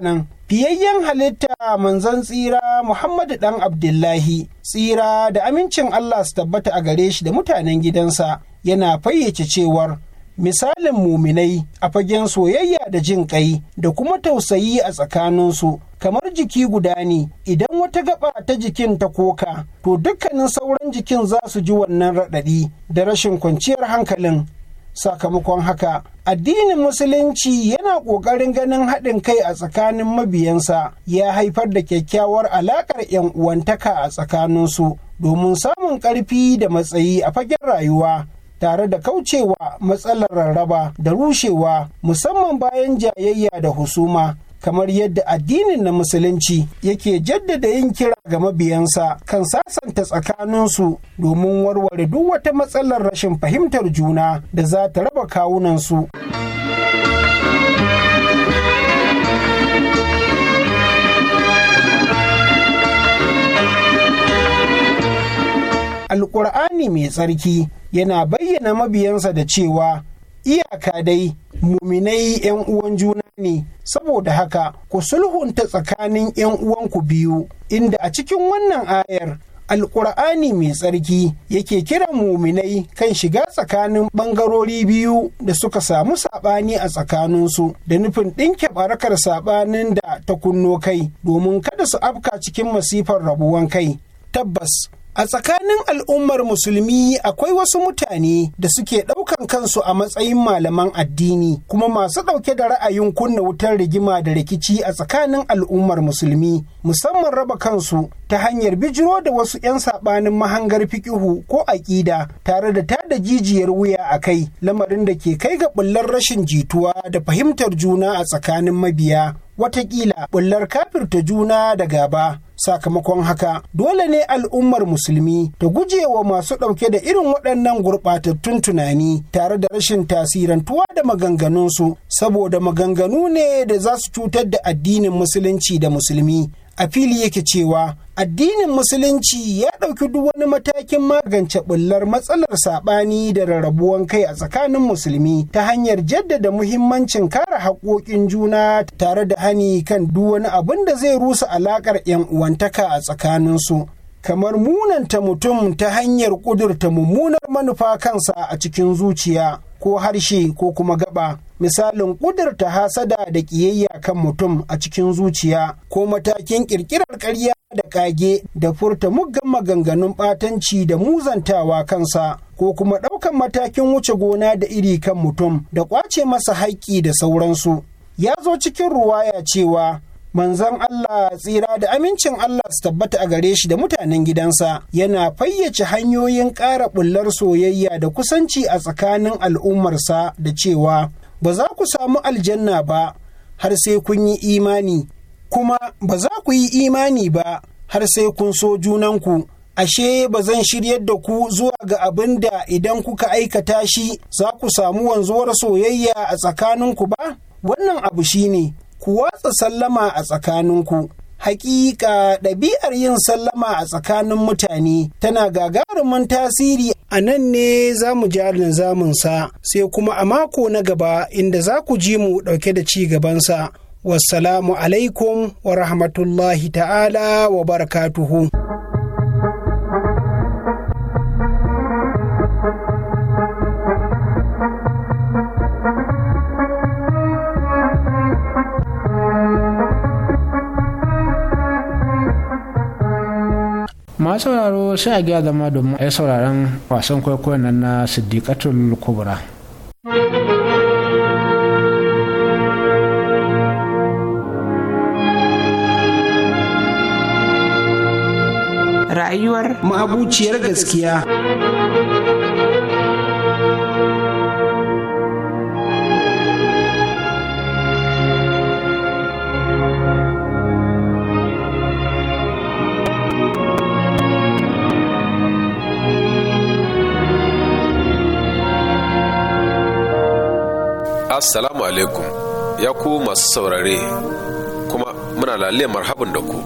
nan, fiyayyen halitta manzon tsira Muhammadu ɗan Abdullahi tsira da amincin Allah su tabbata a gare shi da mutanen gidansa yana fayyace cewar misalin muminai a fagen soyayya da jin ƙai da kuma tausayi a tsakaninsu kamar jiki guda ne idan wata gaba ta jikin ta koka to dukkanin sauran jikin za su ji wannan raɗaɗi da rashin kwanciyar hankalin sakamakon haka addinin musulunci yana ƙoƙarin ganin haɗin kai a tsakanin mabiyansa ya haifar da kyakkyawar alaƙar 'yan uwantaka a tsakaninsu domin samun ƙarfi da matsayi a fagen rayuwa tare da kaucewa matsalar rarraba da rushewa musamman bayan jayayya da husuma kamar yadda addinin na musulunci yake jaddada yin kira ga mabiyansa kan sasanta tsakaninsu domin warware duk wata matsalar rashin fahimtar juna da za ta raba kawunansu. alkur'ani mai tsarki yana bayyana mabiyansa da cewa iyaka dai muminai 'yan uwan juna ne saboda haka ku sulhunta tsakanin 'yan uwanku biyu inda a cikin wannan ayar alkur'ani mai tsarki yake kira muminai kan shiga tsakanin bangarori biyu da suka samu saɓani a tsakaninsu da nufin ɗinke barakar saɓanin da ta kunno kai domin kada su afka cikin masifar rabuwan kai tabbas A tsakanin al'ummar musulmi akwai wasu mutane da suke ɗaukan kansu a matsayin malaman addini kuma masu ɗauke da ra'ayin kunna wutar rigima da rikici a tsakanin al'ummar musulmi musamman raba kansu ta hanyar bijiro da wasu 'yan saɓanin mahangar fikihu ko aƙida tare da tada jijiyar wuya a kai lamarin da ke kai ga ɓullar rashin jituwa da fahimtar juna a tsakanin mabiya watakila ɓullar kafirta juna da gaba sakamakon haka dole ne al'ummar musulmi ta guje wa masu ɗauke da irin waɗannan gurɓatattun tunani tare da rashin tasirantuwa da maganganunsu saboda maganganu ne da za su cutar da addinin musulunci da musulmi a fili yake cewa addinin musulunci ya ɗauki duk wani matakin magance bullar matsalar saɓani da rarrabuwan kai a tsakanin musulmi ta hanyar jaddada muhimmancin kare haƙoƙin juna tare da hani kan duk wani abin da zai rusa alaƙar 'yan uwantaka a tsakaninsu kamar munanta mutum ta hanyar ƙudurta mummunar manufa kansa a cikin zuciya ko harshe ko kuma gaba misalin ƙudurta hasada da ƙiyayya kan mutum a cikin zuciya ko matakin ƙirƙirar ƙarya da ƙage da furta muggan maganganun ɓatanci da muzantawa kansa ko kuma ɗaukan matakin wuce gona da iri kan mutum da ƙwace masa haƙƙi da sauransu ya zo cikin ruwaya cewa manzon Allah tsira da amincin Allah su tabbata a gare shi da mutanen gidansa yana fayyace hanyoyin ƙara ɓullar soyayya da kusanci a tsakanin al'ummarsa da cewa ba za ku samu aljanna ba har sai kun yi imani kuma ba za ku yi imani ba har sai kun so junanku ashe ba zan shiryar da ku zuwa ga abin da idan kuka aikata shi za ku samu wanzuwar soyayya a tsakaninku ba wannan abu shine ku watsa sallama a tsakaninku hakika ɗabi'ar yin sallama a tsakanin mutane tana gagarumin tasiri a nan ne za mu ji zamunsa sai kuma a mako na gaba inda za ku ji mu ɗauke da ci gabansa wassalamu alaikum wa rahmatullahi ta'ala wa barakatuhu. masu sauraro sai a gya zama domin a yi sauraron wasan kwaikwayon nan na siddiqatul kubra rayuwar ma'abuciyar gaskiya assalamu alaikum ya ku masu saurare kuma muna lalle marhaban da ku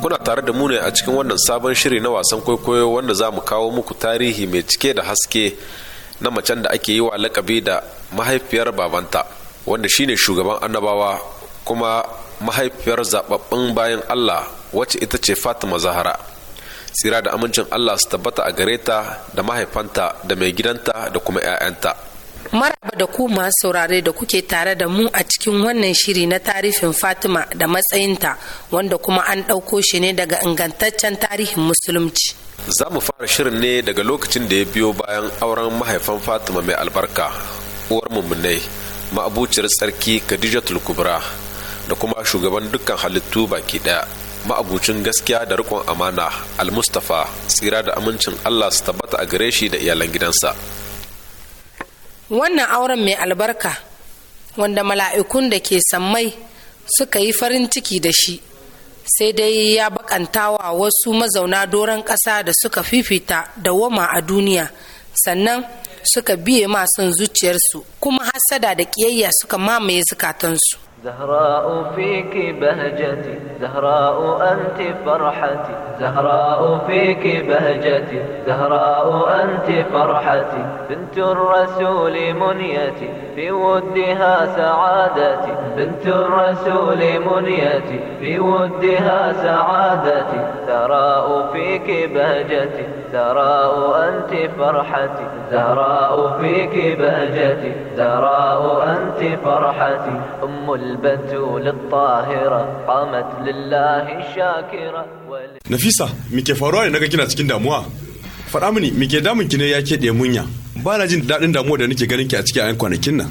kuna tare da mu ne a cikin wannan sabon shiri na wasan kwaikwayo wanda za mu kawo muku tarihi mai cike da haske na macen da ake yi wa lakabi da mahaifiyar babanta wanda shine shugaban annabawa kuma mahaifiyar zababbin bayan allah wacce ita ce fatima zahara tsira da amincin allah su tabbata a gare ta da mahaifanta da mai gidanta da kuma 'ya'yanta Maraba da ku masu saurare da kuke tare da mu a cikin wannan shiri na tarihin Fatima da matsayinta wanda kuma an ɗauko shi ne daga ingantaccen tarihin musulunci. Za mu fara shirin ne daga lokacin da ya biyo bayan auren mahaifan Fatima mai albarka, uwar mummunai, ma'abuciyar tsarki Khadija Kubra da kuma shugaban dukkan halittu baki ɗaya. ma'abucin gaskiya da rikon amana al-mustafa tsira da amincin allah su tabbata a gare shi da iyalan gidansa wannan auren mai albarka wanda mala'ikun da ke sammai suka yi farin ciki da shi sai dai ya wa wasu mazauna doron ƙasa da suka fifita da wama a duniya sannan suka biye masun zuciyarsu kuma hasada da ƙiyayya suka mamaye zukatansu زهراء فيك بهجتي زهراء أنت فرحتي زهراء فيك بهجتي زهراء أنت فرحتي بنت الرسول منيتي في ودها سعادتي بنت الرسول منيتي في ودها سعادتي زهراء فيك بهجتي زهراء أنت فرحتي زهراء فيك بهجتي زهراء أنت فرحتي أم البتول الطاهرة قامت لله شاكرة نفيسة ميكي فاروا نغا كنا cikin damuwa فرامني ميكي me ke damun ki ne ya جين munya ba na jin daɗin damuwa da nake ganin ki a cikin ayan kwanakin nan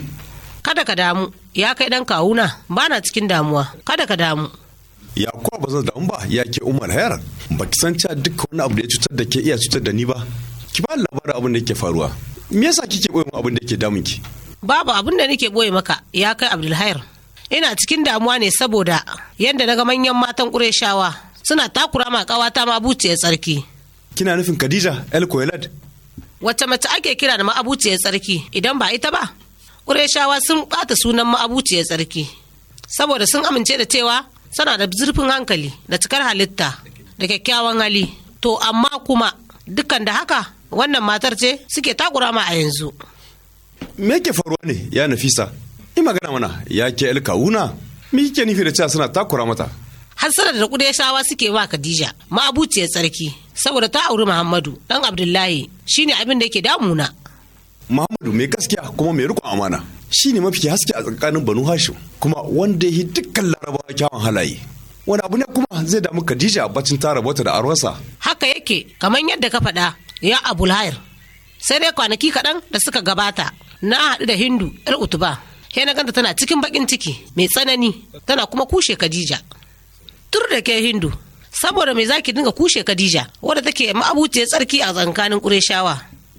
kada ka damu ya kai ɗan kawuna ba na cikin damuwa kada ka damu ya kuwa ba zan damu ba ya ke umar hayar ba ki san cewa duk wani abu da ya cutar da ke iya cutar da ni ba ki ba labarin abin da yake faruwa me yasa kike ɓoye abin da yake damun ki babu abin da nake ɓoye maka ya kai abdulhair ina cikin damuwa ne saboda yadda naga manyan matan ƙureshawa suna takura ma ƙawata ma abuciyar tsarki kina nufin khadija el Koyalad? wacce mace ake kira da ma'abuciyar tsarki idan ba ita ba ƙureshawa sun ɓata sunan ma'abuciyar tsarki saboda sun amince da cewa suna da zurfin hankali da cikar halitta da kyakkyawan hali to amma kuma dukkan da haka wannan matar ce suke takura ma a yanzu me ke faruwa ne ya nafisa yi magana mana ya ke el kawuna me nufi da cewa suna takura mata hassara da shawa suke wa Khadija ma abuciyar tsarki saboda ta auri Muhammadu ɗan Abdullahi shi ne abin da yake damuna Muhammadu mai gaskiya kuma mai rikon amana shine mafi haske a tsakanin Banu Hashim kuma wanda yi dukkan Larabawa kyawun halaye wani abu ne kuma zai damu Khadija bacin ta rabota da arwarsa haka yake kamar yadda ka faɗa ya Abulhair sai dai kwanaki kaɗan da suka gabata na haɗu da Hindu 'yar Utuba he na ganta tana cikin bakin ciki mai tsanani tana kuma kushe Kadija. tur da ke Hindu saboda mai zaki dinga kushe Kadija wadda take ma'abuciyar tsarki a tsakanin kureshawa.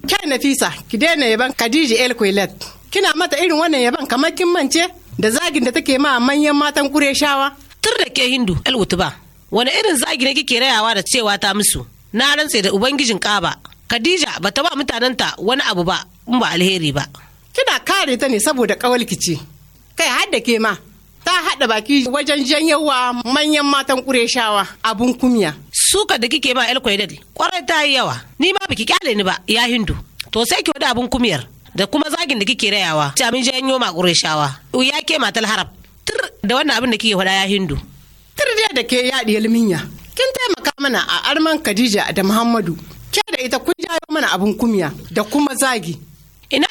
kai Nafisa ki daina yaban kadija El Kuilat kina mata irin wannan yaban kamar kin mance da zagin da take ma manyan matan Kureshawa. tur da ke Hindu El Wutuba wani irin zagi ne kike rayawa da cewa ta musu na rantse da ubangijin Kaba ba ta ba mutanen ta wani abu ba in ba alheri ba kina kare ta ne saboda ƙawalki ce kai hadda ke ma ta haɗa baki wajen janyewa manyan matan Kureshawa abun kumya suka da kike ma el kwaidad kwarai ta yi yawa ni ma biki kyale ni ba ya hindu to sai ki wada abun kumyar da kuma zagin da kike rayawa abin janyo ma ƙureshawa ya ke matal harab tur da wannan abin da kike faɗa ya hindu tur da ke yaɗi yalminya kin taimaka mana a arman Khadija da Muhammadu ke da ita kun jayo mana abun kumya da kuma zagi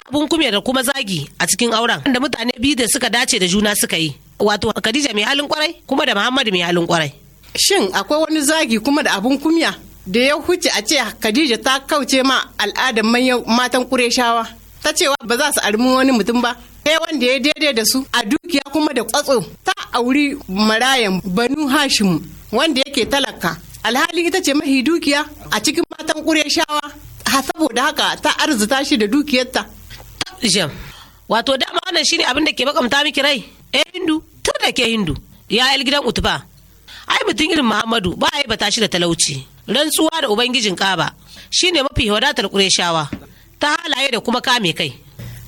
abun kume da kuma zagi a cikin auren da mutane biyu da suka dace da juna suka yi wato Khadija mai halin kwarai kuma da Muhammadu mai halin kwarai shin akwai wani zagi kuma da abun kumya da ya huce a ce Khadija ta kauce ma al'adar manyan matan Kureshawa ta cewa ba za su armi wani mutum ba sai wanda ya daidai da su a dukiya kuma da kwatso ta auri marayan Banu Hashim wanda yake talaka alhali ita ce mahi dukiya a cikin matan Kureshawa saboda haka ta arzuta shi da dukiyarta jam wato dama wannan shine abin da ke bakamta miki rai eh hindu tun da ke hindu ya yi gidan utuba ai mutum irin muhammadu ba a yi bata shi da talauci rantsuwa da ubangijin kaba shine mafi wadatar kureshawa ta halaye da kuma kame kai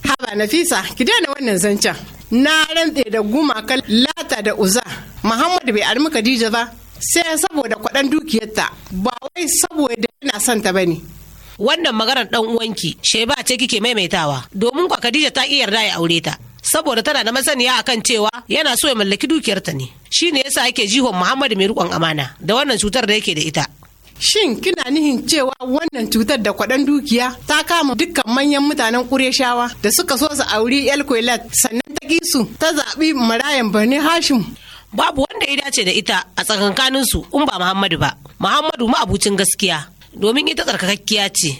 haba nafisa ki daina wannan zancen na rantse da gumaka lata da uza muhammadu bai armi khadija ba sai saboda kwaɗan dukiyarta ba wai saboda yana son ta bane wannan maganar dan uwanki Shaiba ce kike maimaitawa domin kwa Khadija ta iya yarda ya aure ta saboda tana da masaniya akan cewa yana so ya mallaki dukiyar ta ne Shi shine yasa yake jihon Muhammadu mai rikon amana da wannan cutar da yake da ita Shin kina nihin cewa wannan cutar da kwaɗan dukiya ta kama dukkan manyan mutanen Kureshawa da suka so su auri El Kwelat sannan ta kisu ta zaɓi marayan bani Hashim. Babu wanda ya dace da ita a tsakankaninsu in ba Muhammadu ba. Muhammadu ma abucin gaskiya domin ita tsarkakakkiya ce.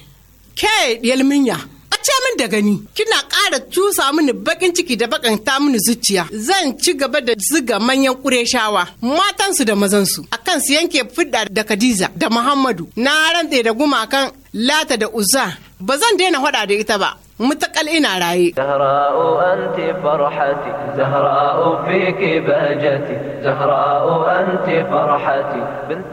Ke yalminya, a ce min da gani, kina ƙara cusa mini bakin ciki da ta mini zuciya. Zan ci gaba da ziga manyan ƙureshawa, matansu da mazansu, a kan su yanke fidda da Khadija da Muhammadu. Na rantse da gumakan Lata da Uza, ba zan daina haɗa da ita ba. mutakal ina raye. زهراء anti farhati, زهراء fiki bahjati, Zahra'u anti farhati,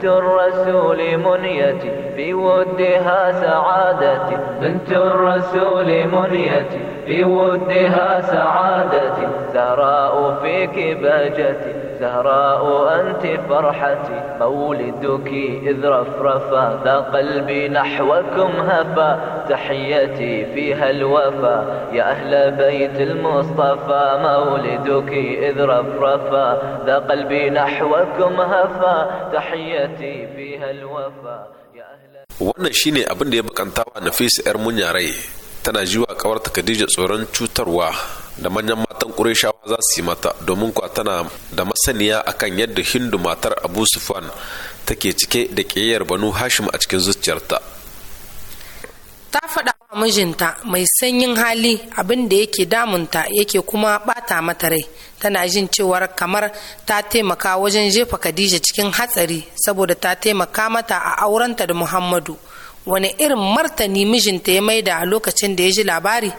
الرسول منيتي في ودها سعادتي بنت الرسول منيتي في ودها سعادتي زهراء فيك بهجتي زهراء أنت فرحتي مولدك إذ رفرفا ذا قلبي نحوكم هفا تحيتي فيها الوفا الوفا يا أهل بيت المصطفى مولدك إذ رفرفا ذا قلبي نحوكم هفا تحيتي فيها الوفا يا أهل wannan shine abin da ya bakantawa Nafisa yar munyarai tana jiwa kawarta Khadija tsoron cutarwa da manyan matan Qurayshawa za su yi mata domin kuwa tana da masaniya akan yadda Hindu matar Abu Sufyan take cike da ƙiyayyar Banu Hashim a cikin zuciyarta ta faɗa wa mijinta mai sanyin hali abin da yake damunta yake kuma ɓata mata rai tana jin cewar kamar ta taimaka wajen jefa khadija cikin hatsari saboda ta taimaka mata a aurenta da muhammadu wani irin martani mijinta ya maida a lokacin da ya ji labari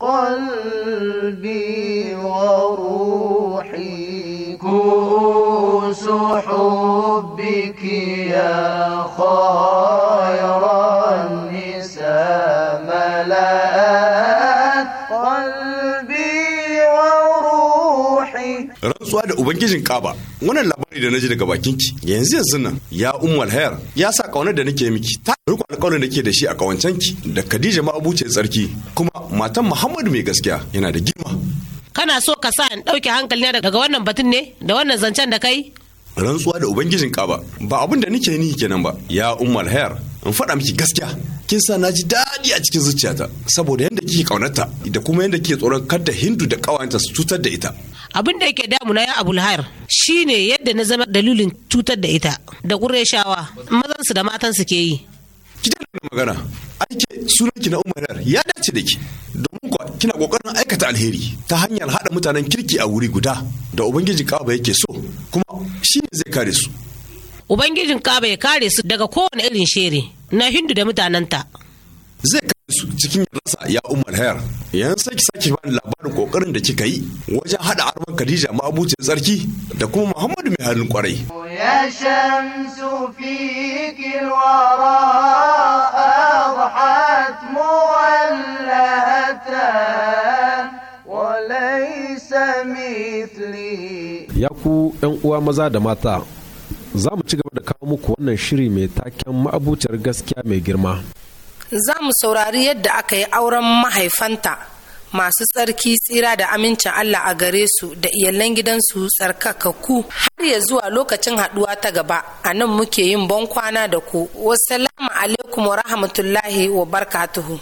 قلبي وروحي كوس حبك يا خير النساء ملأت قلبي وروحي rantsuwa da ubangijin kaba wannan labari da naji daga bakinki yanzu yanzu nan ya ummul hayar ya sa kaunar da nake miki ta riko alƙawarin da ke da shi a kawancanki da Khadija ma abuce tsarki kuma matan Muhammadu mai gaskiya yana da kana so ka sa in ɗauke hankali na daga wannan batun ne da wannan zancen da kai rantsuwa da ubangijin kaba ba abin da nike ni kenan ba ya Umar hayar in faɗa miki gaskiya kin sa na ji daɗi a cikin zuciyata saboda yadda kike ƙaunarta da kuma yadda kike tsoron kada hindu da ƙawanta su cutar da ita abin da yake damuna ya abul hayar shine yadda na zama dalilin cutar da ita da mazan mazansu da matan su ke yi ki daina magana aike sunanki na umarar ya dace da ki domin kina kokarin aikata alheri ta hanyar haɗa mutanen kirki a wuri guda da ubangiji kaba yake so kuma shi ne zai kare su ubangijin kaba ya kare su daga kowane irin shiri na hindu da mutanenta zai cikin rasa ya umar hayar yan saki saki bani labarin kokarin da kika yi wajen hada arman khadija abuce tsarki da kuma muhammadu mai halin kwarai ya ku yan uwa maza da mata za mu ci gaba da kawo muku wannan shiri mai taken ma'abuciyar gaskiya mai girma za mu saurari yadda aka yi auren mahaifanta masu tsarki tsira da amincin Allah a gare su da iyalan gidansu tsarkakakku har ya zuwa lokacin haduwa ta gaba a nan muke yin ban kwana da ku wasalamu alaikum wa rahmatullahi wa barakatuhu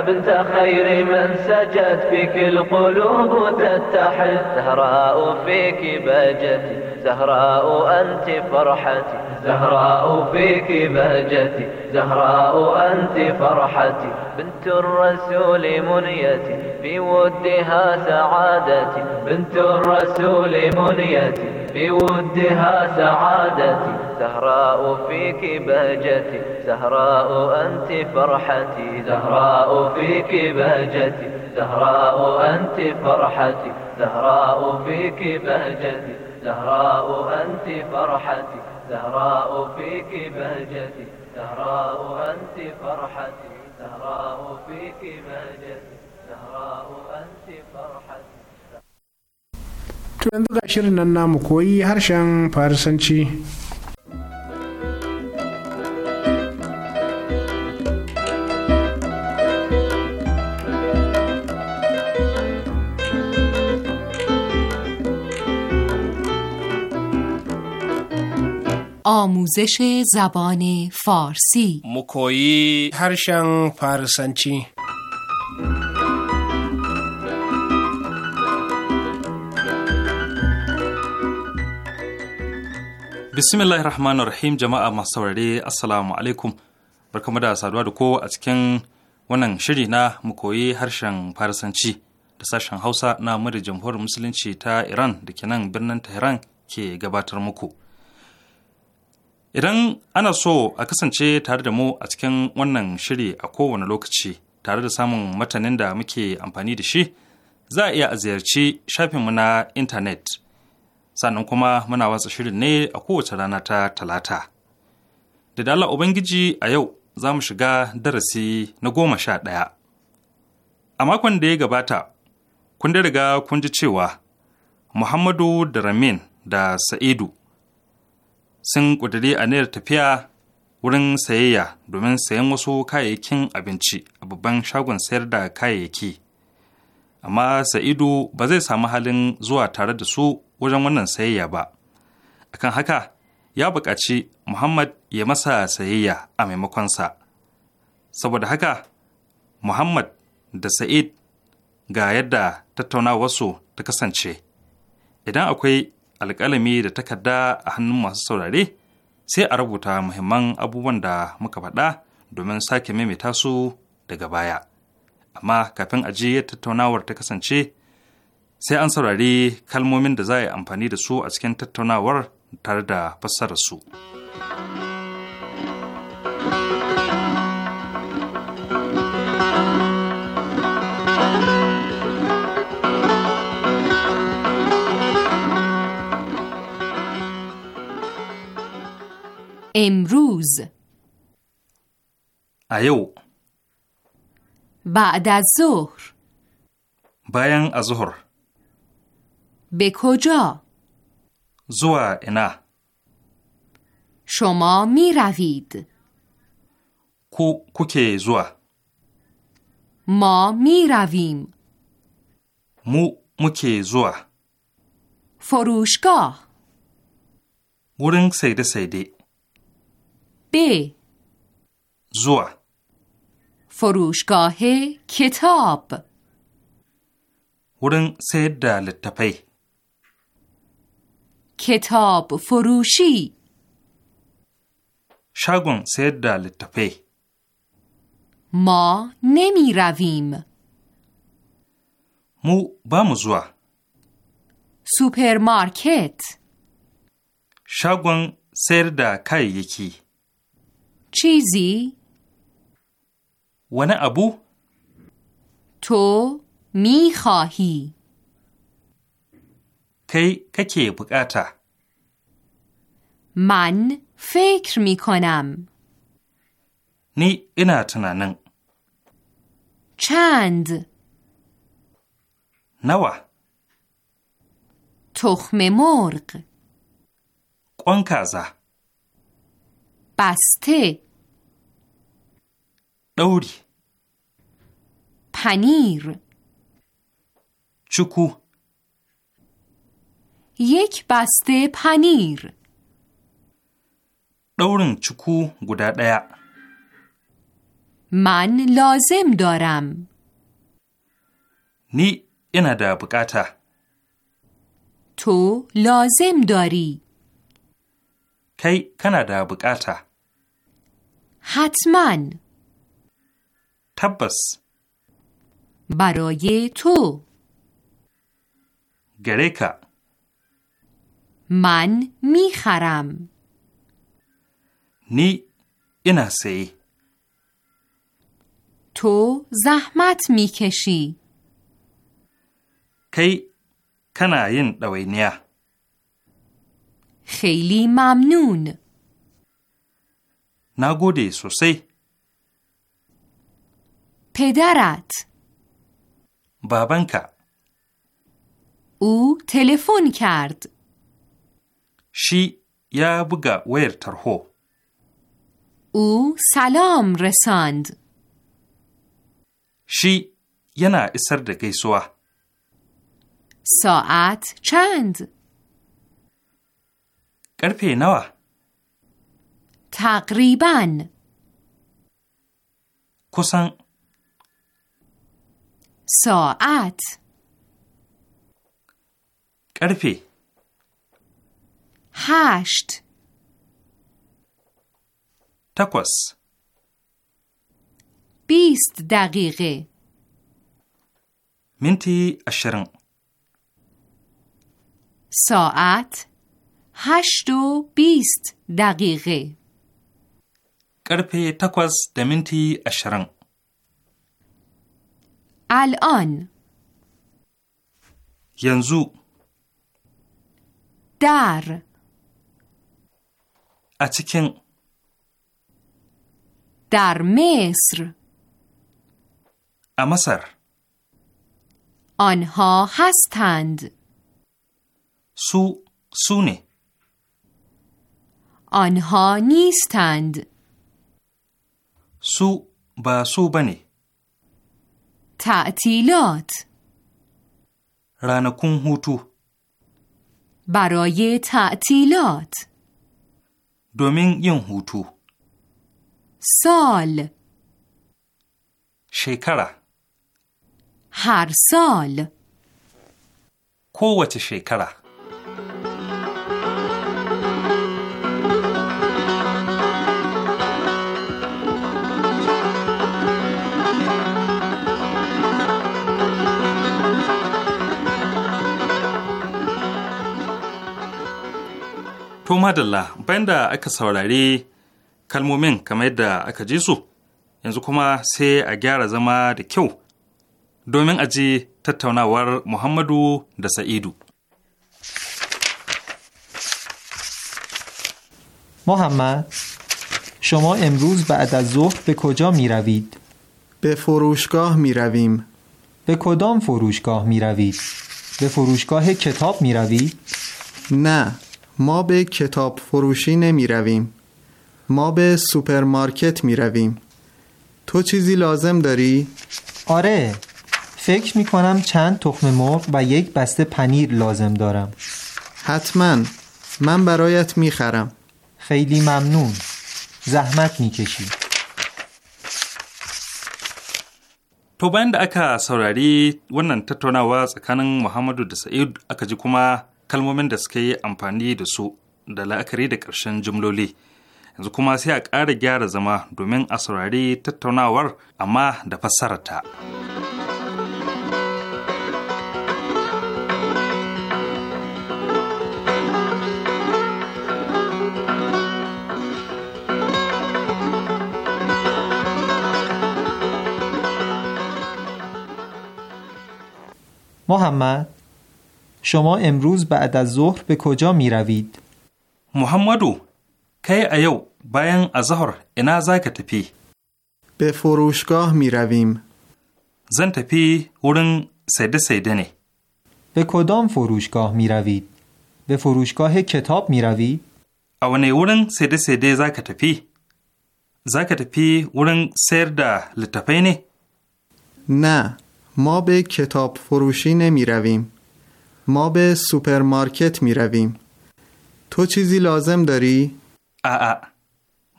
يا بنت خير من سجد فيك القلوب تتحد زهراء فيك بهجتي زهراء أنت فرحتي زهراء فيك بهجتي زهراء أنت فرحتي بنت الرسول منيتي في ودها سعادتي بنت الرسول منيتي بودها سعادتي زهراء فيك بهجتي زهراء أنت فرحتي زهراء فيك بهجتي زهراء أنت فرحتي زهراء فيك بهجتي زهراء أنت فرحتي زهراء فيك بهجتي زهراء أنت فرحتي زهراء فيك بهجتي زهراء أنت فرحتي to yanzu ga shirin nan namu koyi harshen farisanci آموزش زبان فارسی مکویی هرشن فارسنچی Bismillahir Rahmanir Rahim jama'a masu saurare Assalamu alaikum. Barkamu da saduwa da ko a cikin wannan shiri na mu koyi harshen Farisanci da sashen Hausa na muri Jamhuriyar Musulunci ta Iran da ke nan birnin Tehran ke gabatar muku. Idan ana so a kasance tare da mu a cikin wannan shiri a kowane lokaci tare da samun matanin da muke amfani da shi, za a iya a ziyarci shafinmu na intanet sannan kuma muna watsa shirin ne a kowace rana ta talata. Da dala Ubangiji a yau za mu shiga darasi na goma sha ɗaya. A makon da ya gabata, kun da riga kun ji cewa Muhammadu da Ramin da Sa'idu sun ƙudiri aniyar tafiya wurin sayayya domin sayan wasu kayayyakin abinci a babban shagon sayar da kayayyaki. Amma Sa'idu ba zai samu halin zuwa tare da su wajen wannan sayayya ba akan haka ya buƙaci muhammad ya masa sayayya a maimakonsa saboda haka muhammad da sa'id ga yadda tattaunawarsu ta kasance idan akwai alƙalami da takarda a hannun masu saurare sai a rubuta muhimman abubuwan da muka faɗa domin sake maimaita su daga baya amma kafin a tattaunawar ta kasance sai an saurari kalmomin da za a yi amfani da su a cikin tattaunawar tare da A امروز ایو a از ظهر بیان از ظهر به کجا؟ زوا انا شما می روید کو کوکه زوا ما می رویم مو موکه زوا فروشگاه گورن سیده سیده ب زوا فروشگاه کتاب ورن سید دا کتاب فروشی شاگون سید دا لطفه ما نمی رویم مو با مزوا سوپرمارکت شاگون سیر دا کای یکی چیزی ونه ابو تو می خواهی کی ککی بکاتا من فکر می کنم نی اینا تنانن چند نوا تخم مرغ قوان کازا بسته دوری پنیر چکو یک بسته پنیر دورن چکو گودا ده من لازم دارم نی اینا دا بکاتا تو لازم داری کی کنا دا بکاتا حتما تبس برای تو گریکا من میخرم نی اینا سی تو زحمت میکشی کی کناین این دوینیا خیلی ممنون نگودی سوسی پدرت بابنکا او تلفن کرد Shi ya buga wayar tarho. U saloom, rasuwan! Shi yana isar da gaisuwa. Sa'at canz. Karfe nawa? Takriban. Kusan. Sa'at. Karfe. هشت تکوس بیست دقیقه منتی اشرن ساعت هشت و بیست دقیقه کرپه تکوس دمنتی اشرن الان ینزو در اچیکن در مصر امسر آنها هستند سو سونه آنها نیستند سو با سو بنی تعطیلات رانکون هوتو برای تعطیلات domin yin hutu. Sol. Shekara. Har sol. Kowace shekara. To madalla bayan da aka saurari kalmomin kamar yadda aka ji su yanzu kuma sai a gyara zama da kyau domin a ji tattaunawar Muhammadu da Sa'idu. Muhammad, شما امروز بعد از ظهر به کجا می روید؟ به فروشگاه می رویم به کدام فروشگاه می روید؟ به فروشگاه کتاب می روید؟ نه ما به کتاب فروشی نمی رویم. ما به سوپرمارکت می رویم. تو چیزی لازم داری؟ آره فکر می کنم چند تخم مرغ و یک بسته پنیر لازم دارم حتما من برایت می خرم خیلی ممنون زحمت می کشی To bayan da aka saurari wannan tattaunawa tsakanin Muhammadu da Sa'id kalmomin da suka yi amfani da su da la'akari da ƙarshen jimloli yanzu kuma sai a ƙara gyara zama domin a saurari tattaunawar amma da fassararta. محمد شما امروز بعد از ظهر به کجا می روید؟ محمدو کی ایو باین از ظهر انا زاک تپی به فروشگاه می رویم زن تپی ورن سیده سیده نی به کدام فروشگاه می روید؟ به فروشگاه کتاب می روید؟ اونه ورن سیده سیده زاک تپی زاک تپی ورن سیر دا لطپی نه ما به کتاب فروشی نمی رویم ما به سوپرمارکت می رویم. تو چیزی لازم داری؟ آ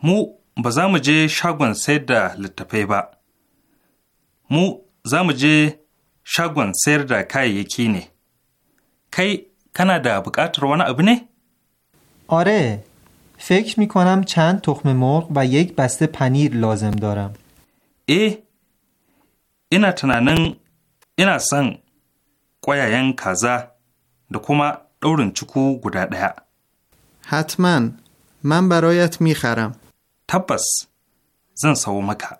مو بزام جه شاگون ده لطفه با. مو زام جه شاگون سیر ده کای یکی نه. کی کنا دا بکات روانه ابنه؟ آره فکر می کنم چند تخم مرغ و یک بسته پنیر لازم دارم. ای اینا تنانن اینا سن ین کازا da kuma ɗaurin ciku guda ɗaya. Hatman, man barayat haram. Tabbas, zan sawo maka.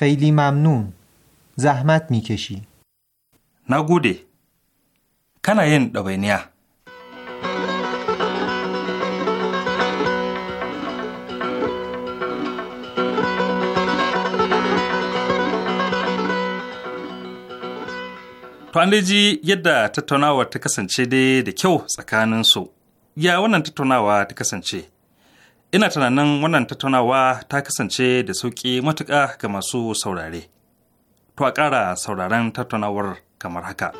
zahmat mi زحمت Na gode. Kana yin ɗabainiya To an ji yadda tattaunawar ta kasance dai da kyau tsakanin su. Ya wannan tattaunawa ta kasance? Ina tunanin wannan tattaunawa ta kasance da sauƙi matuƙa ga masu saurare. To a ƙara sauraren tattaunawar kamar haka.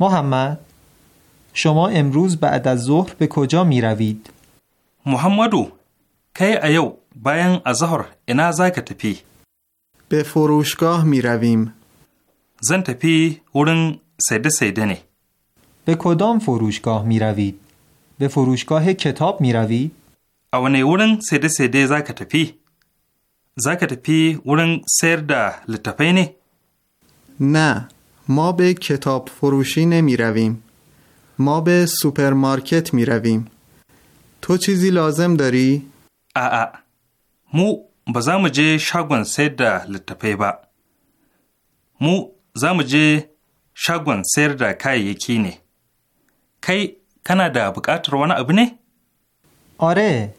محمد شما امروز بعد از ظهر به کجا می روید؟ محمدو کی ایو باین از ظهر انا زاک تپی به فروشگاه می رویم زن تپی ورن سیده سیده نی. به کدام فروشگاه می روید؟ به فروشگاه کتاب می روید؟ اونه ورن سیده سیده زاک تپی زاک تپی ورن سیر دا نه نه ما به کتاب فروشی نمی رویم. ما به سوپرمارکت می رویم. تو چیزی لازم داری؟ آ مو بزام جه شاگون لطفی لطفه با. مو زام جه شاگون کای که یکی نه. کی کنا بکات روانه ابنه؟ آره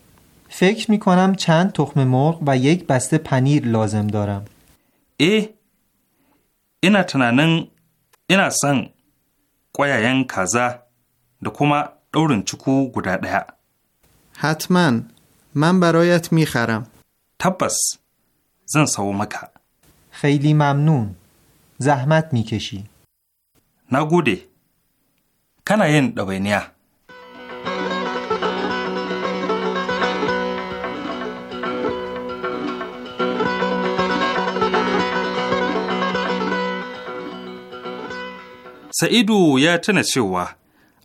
فکر می کنم چند تخم مرغ و یک بسته پنیر لازم دارم. ای اینا تنانن ina son ƙwayayen kaza da kuma ɗaurin ciku guda ɗaya. Hatman, man barayat haram. Tabbas, zan sawo maka. zahmat mi زحمت Na gode. kana yin ɗabainiya? Sa'idu ya tuna cewa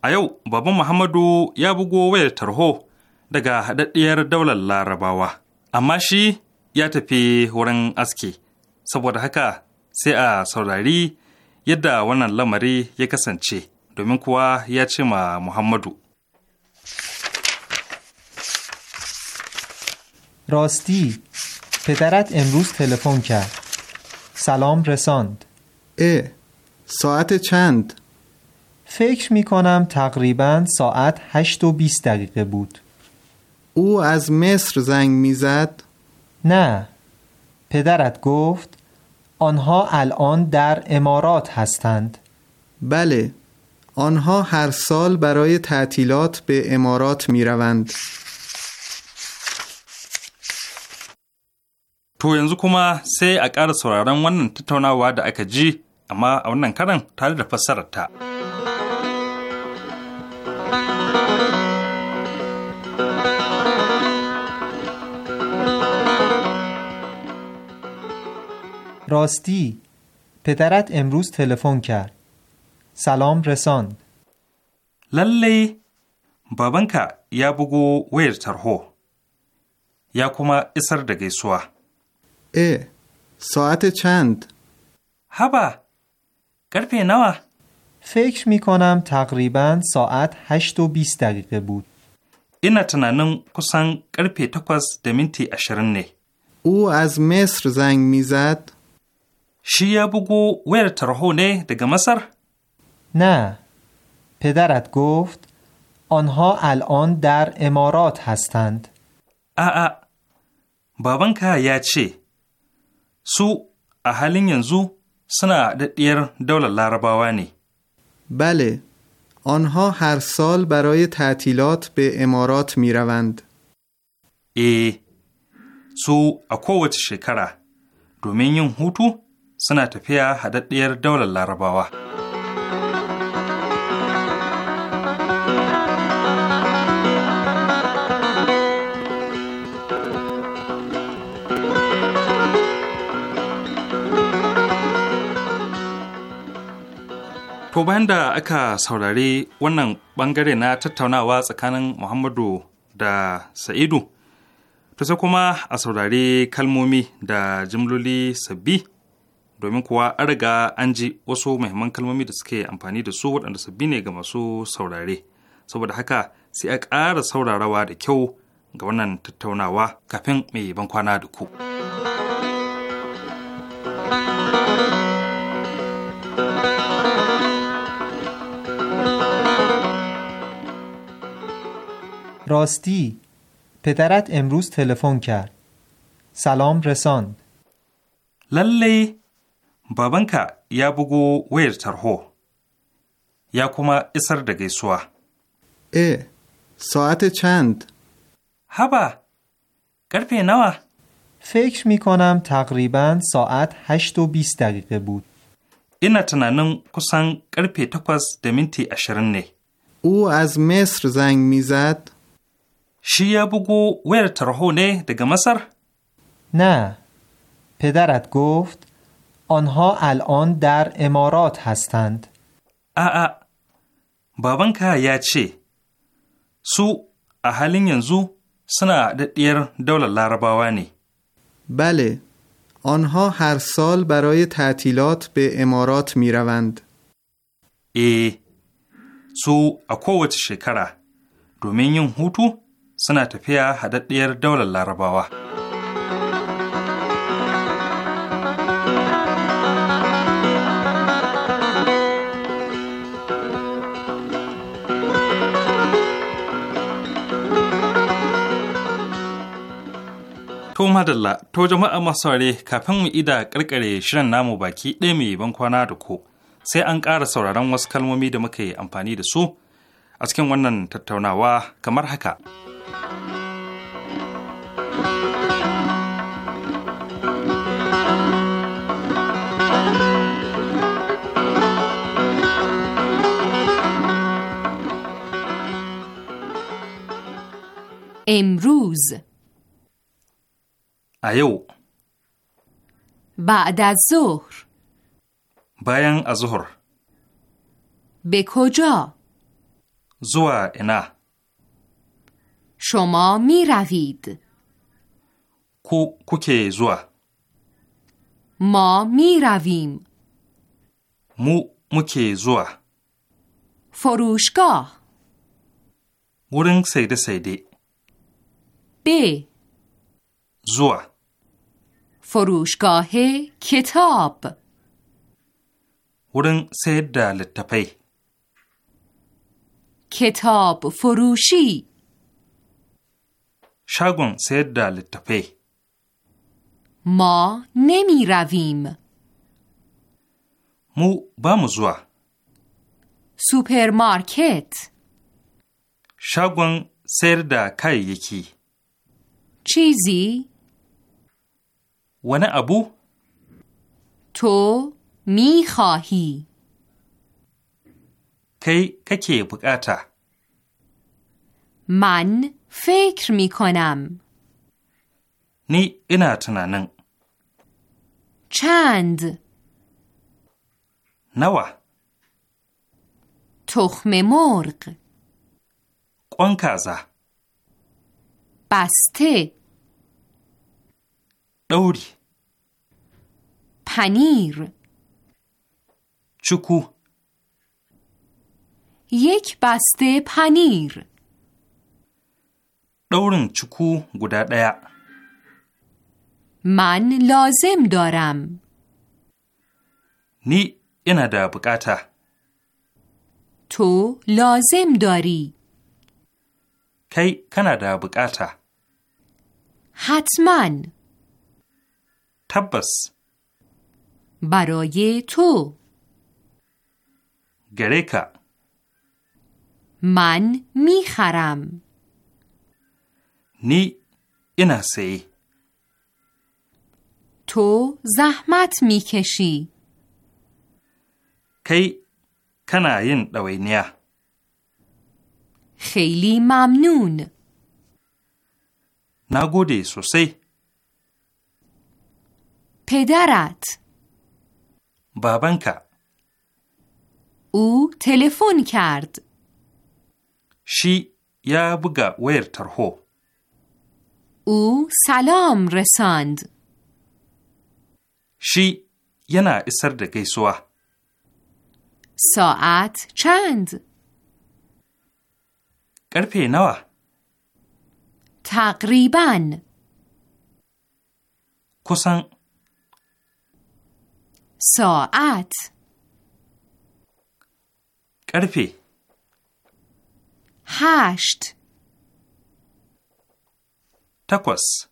a yau Baba Muhammadu ya bugo wayar tarho daga haɗaɗɗiyar daular larabawa, amma shi ya tafi wurin aski, saboda haka sai a saurari yadda wannan lamari ya kasance, domin kuwa ya ce ma Muhammadu. راستی پدرت امروز تلفن کرد سلام رساند اه ساعت چند؟ فکر می کنم تقریبا ساعت هشت و بیست دقیقه بود او از مصر زنگ میزد؟ نه پدرت گفت آنها الان در امارات هستند بله آنها هر سال برای تعطیلات به امارات می روند تو یانزو یعنی کما سی اقار سورارن wannan tattaunawa amma a wannan karan tare da fassararta. راستی پدرت امروز تلفن کرد سلام رساند لله بابنکا یا بگو ویر ترهو یا کما اسر دگی سوا اه ساعت چند هبا کرپی نوا فکر می کنم تقریبا ساعت 8 و 20 دقیقه بود. این تنانم کسان کرپی تکوز دمینتی اشرن نه. او از مصر زنگ میزد. شی یا بگو ویر ترهو نه دگه مصر؟ نه. پدرت گفت آنها الان در امارات هستند. آآ بابان که یا چی؟ سو اهلین ینزو سنا دیر دولت لارباوانی بله آنها هر سال برای تعطیلات به امارات می روند ای سو اکووت شکره دومین هوتو سنا تپیا هددیر دولت لارباوه To bayan da aka saurari wannan bangare na tattaunawa tsakanin Muhammadu da Sa'idu, to sai kuma a saurari kalmomi da jimloli sabbi domin kuwa an riga an ji wasu muhimman kalmomi da suke amfani da su waɗanda sabbi ne ga masu saurare. Saboda haka sai a ƙara saurarawa da kyau ga wannan tattaunawa kafin mai ban kwana da ku. راستی پدرت امروز تلفن کرد سلام رساند للی بابنکا یا بگو ویر ترهو یا کما اسر دگی سوا اه ساعت چند؟ هبا گرپی نوا فکر می کنم تقریبا ساعت هشت و بیست دقیقه بود اینا تنانم کسان گرپی تکوز دمینتی اشرن او از مصر زنگ میزد؟ شی یا بگو ویر ترهونه دگه مصر؟ نه پدرت گفت آنها الان در امارات هستند آ بابان که یا چه سو اهلین ینزو سنا دیر دول لارباوانی بله آنها هر سال برای تعطیلات به امارات می روند. ای سو اکووت شکره دومین هوتو suna tafiya haɗaɗɗiyar daular larabawa. To madalla, to jama'a masu kafin mu ida karkare shirin namu baki ɗaya mai ban kwana da ko sai an ƙara sauraron wasu kalmomi da muka yi amfani da su a cikin wannan tattaunawa kamar haka. امروز ایو بعد از ظهر بیان از ظهر به کجا زوا اینا شما می روید کو کوکه زوا ما می رویم مو موکه زوا فروشگاه ورنگ سیده سیده ب زوا فروشگاه کتاب ورنگ سیده لطپی کتاب فروشی shagon sayar da littafai. Ma nemi ravim. Mu ba mu zuwa. Supermarket. Shagon sayar da kayayyaki. Cheesy. Wani abu? To mi Kai kake bukata. Man. فکر می کنم نی اینا تنانن چند نوا تخم مرغ قوان بسته دوری پنیر چکو یک بسته پنیر دورن چکو گودا دایا من لازم دارم نی اینا دا بکاتا تو لازم داری کی کنا دا بکاتا حتما تبس برای تو گریکا من میخرم نی اینا سی تو زحمت میکشی کی کناین دوینیا خیلی ممنون نگودی سوسی پدرت بابنکا او تلفن کرد شی یا بگا ویر ترهو او سلام رساند شی ینا اسر ده گیسوا ساعت چند قرفه نوا تقریبا کسان ساعت قرفه هشت تکوس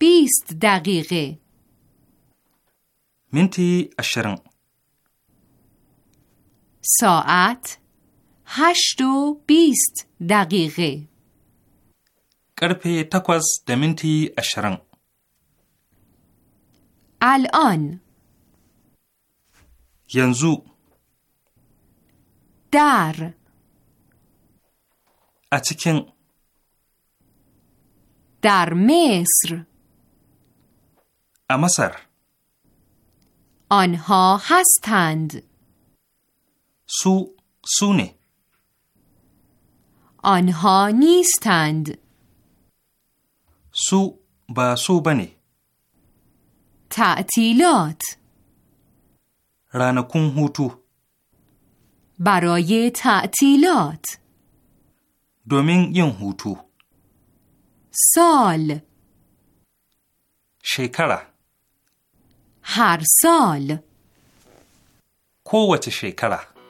بيست دقيقة منتي الشرن ساعت هشت و بیست دقیقه کرپه تکوس دمنتی اشرن الان ينزو دار اتكين در مصر ا آنها هستند سو سونه آنها نیستند سو با سو بنی تعطیلات رانکون هوتو برای تعطیلات دومین یون هوتو سال شکره هر سال kowace shekara. To madalla,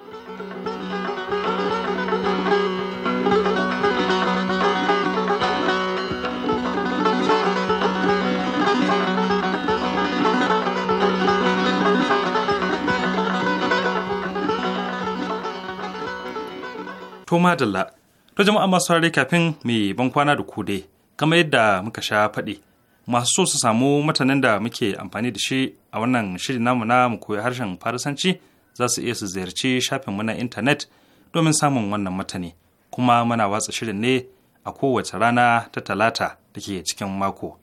to jama'a masu kafin mai ban kwana da ku dai. kamar yadda muka sha faɗi masu so su samu matanin da muke amfani da shi a wannan shirin namu na mu koyi harshen farisanci za su iya su ziyarci shafin na intanet domin samun wannan matani kuma muna watsa shirin ne a kowace rana ta talata da ke cikin mako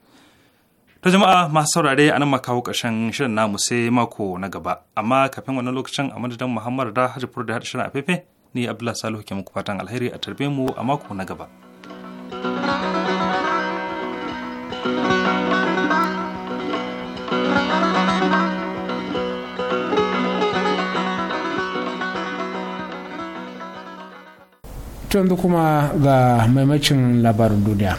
ta jama'a masu saurare a nan makawo ƙarshen shirin namu sai mako na gaba amma kafin wannan lokacin a madadin muhammadu da hajjifur da haɗa shirin a fefe ni abdullahi salihu ke muku fatan alheri a tarbe mu a mako na gaba thank you yanzu kuma ga maimacin labarin duniya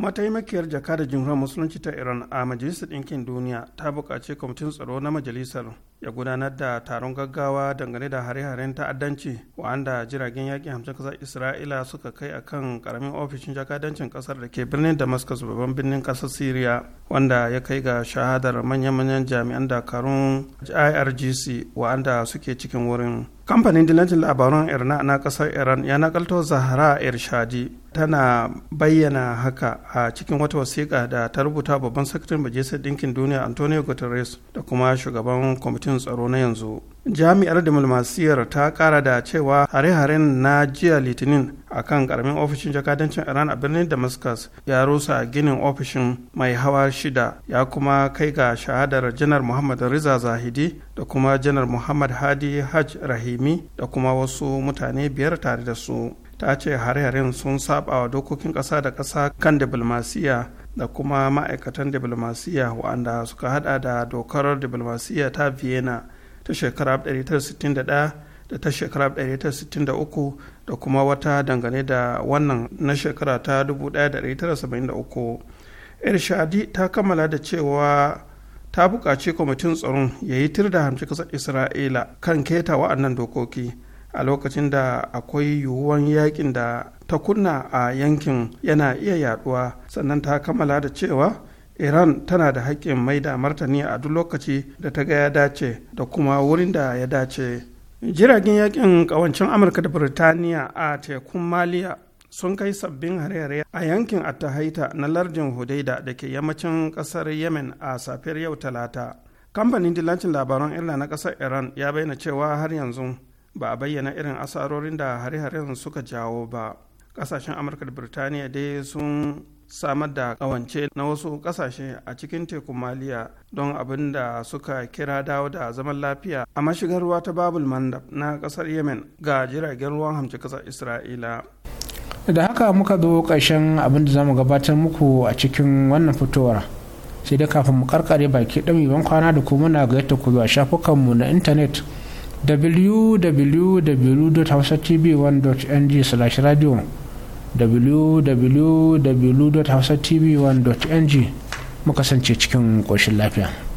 mataimakiyar Jaka da jimhuriyar musulunci ta iran a majalisar ɗinkin duniya ta buƙaci kwamitin tsaro na majalisar ya gudanar da taron gaggawa dangane da hare-haren ta'addanci wa'anda jiragen yakin hamsin ƙasar isra'ila suka kai akan ƙaramin ofishin jakadancin ƙasar da ke birnin damascus babban birnin ƙasar syria wanda ya kai ga shahadar manya-manyan jami'an dakarun irgc wa'anda suke cikin wurin kamfanin dilancin labarun irna na ƙasar iran ya nakalto zahra irshadi tana bayyana haka a cikin wata wasiƙa da ta rubuta babban sakataren majalisar ɗinkin duniya antonio guterres da kuma shugaban kwamitin tsaro na yanzu jami'ar dimulmasiyar ta kara da cewa hare-haren na jiya litinin a kan karamin ofishin jakadancin iran a birnin damascus ya rusa ginin ofishin mai hawa shida ya kuma kai ga shahadar janar muhammad riza zahidi da kuma janar muhammad hadi hajj rahimi da kuma wasu mutane biyar tare da su ta ce hare-haren sun saba wa dokokin ƙasa da ƙasa kan diplomasiya da kuma ma'aikatan diplomasiya wanda suka hada da dokar diplomasiya ta vienna ta shekara 1961 da ta shekara 1963 da kuma wata dangane da wannan na shekara ta 1973 irshadi ta kammala da cewa ta buƙaci kwamitin tsaron ya yi tir da hamci ƙasar isra'ila kan keta wa'annan dokoki a lokacin da akwai yiwuwan yakin da ta kunna a yankin yana iya yaduwa sannan ta kammala da cewa iran tana da haƙƙin mai da martani a duk lokaci da ta ga ya dace da kuma wurin da ya dace jiragen yakin kawancin amurka da birtaniya a tekun maliya sun kai sabbin hare-hare a yankin attahaita na lardin hudaida da ke yammacin kasar yemen a safiyar yau talata kamfanin dillancin labaran irna na kasar iran ya bayyana cewa har yanzu ba a bayyana irin asarorin da hare-haren suka jawo ba kasashen amurka da birtaniya dai sun samar da kawance na wasu kasashe a cikin tekun maliya don abin da suka kira dawo da zaman lafiya a mashigar ruwa ta babul mandab na kasar yemen ga jiragen ruwan hamci kasar isra'ila da haka muka zo ƙarshen abin da zamu gabatar muku a cikin wannan fitowar sai da kafin mu karkare baki ɗami ban kwana da kuma muna ga yadda ku zuwa shafukanmu na intanet www.hausatv1.ng/radio www.hausatv1.ng mu kasance cikin koshin lafiya.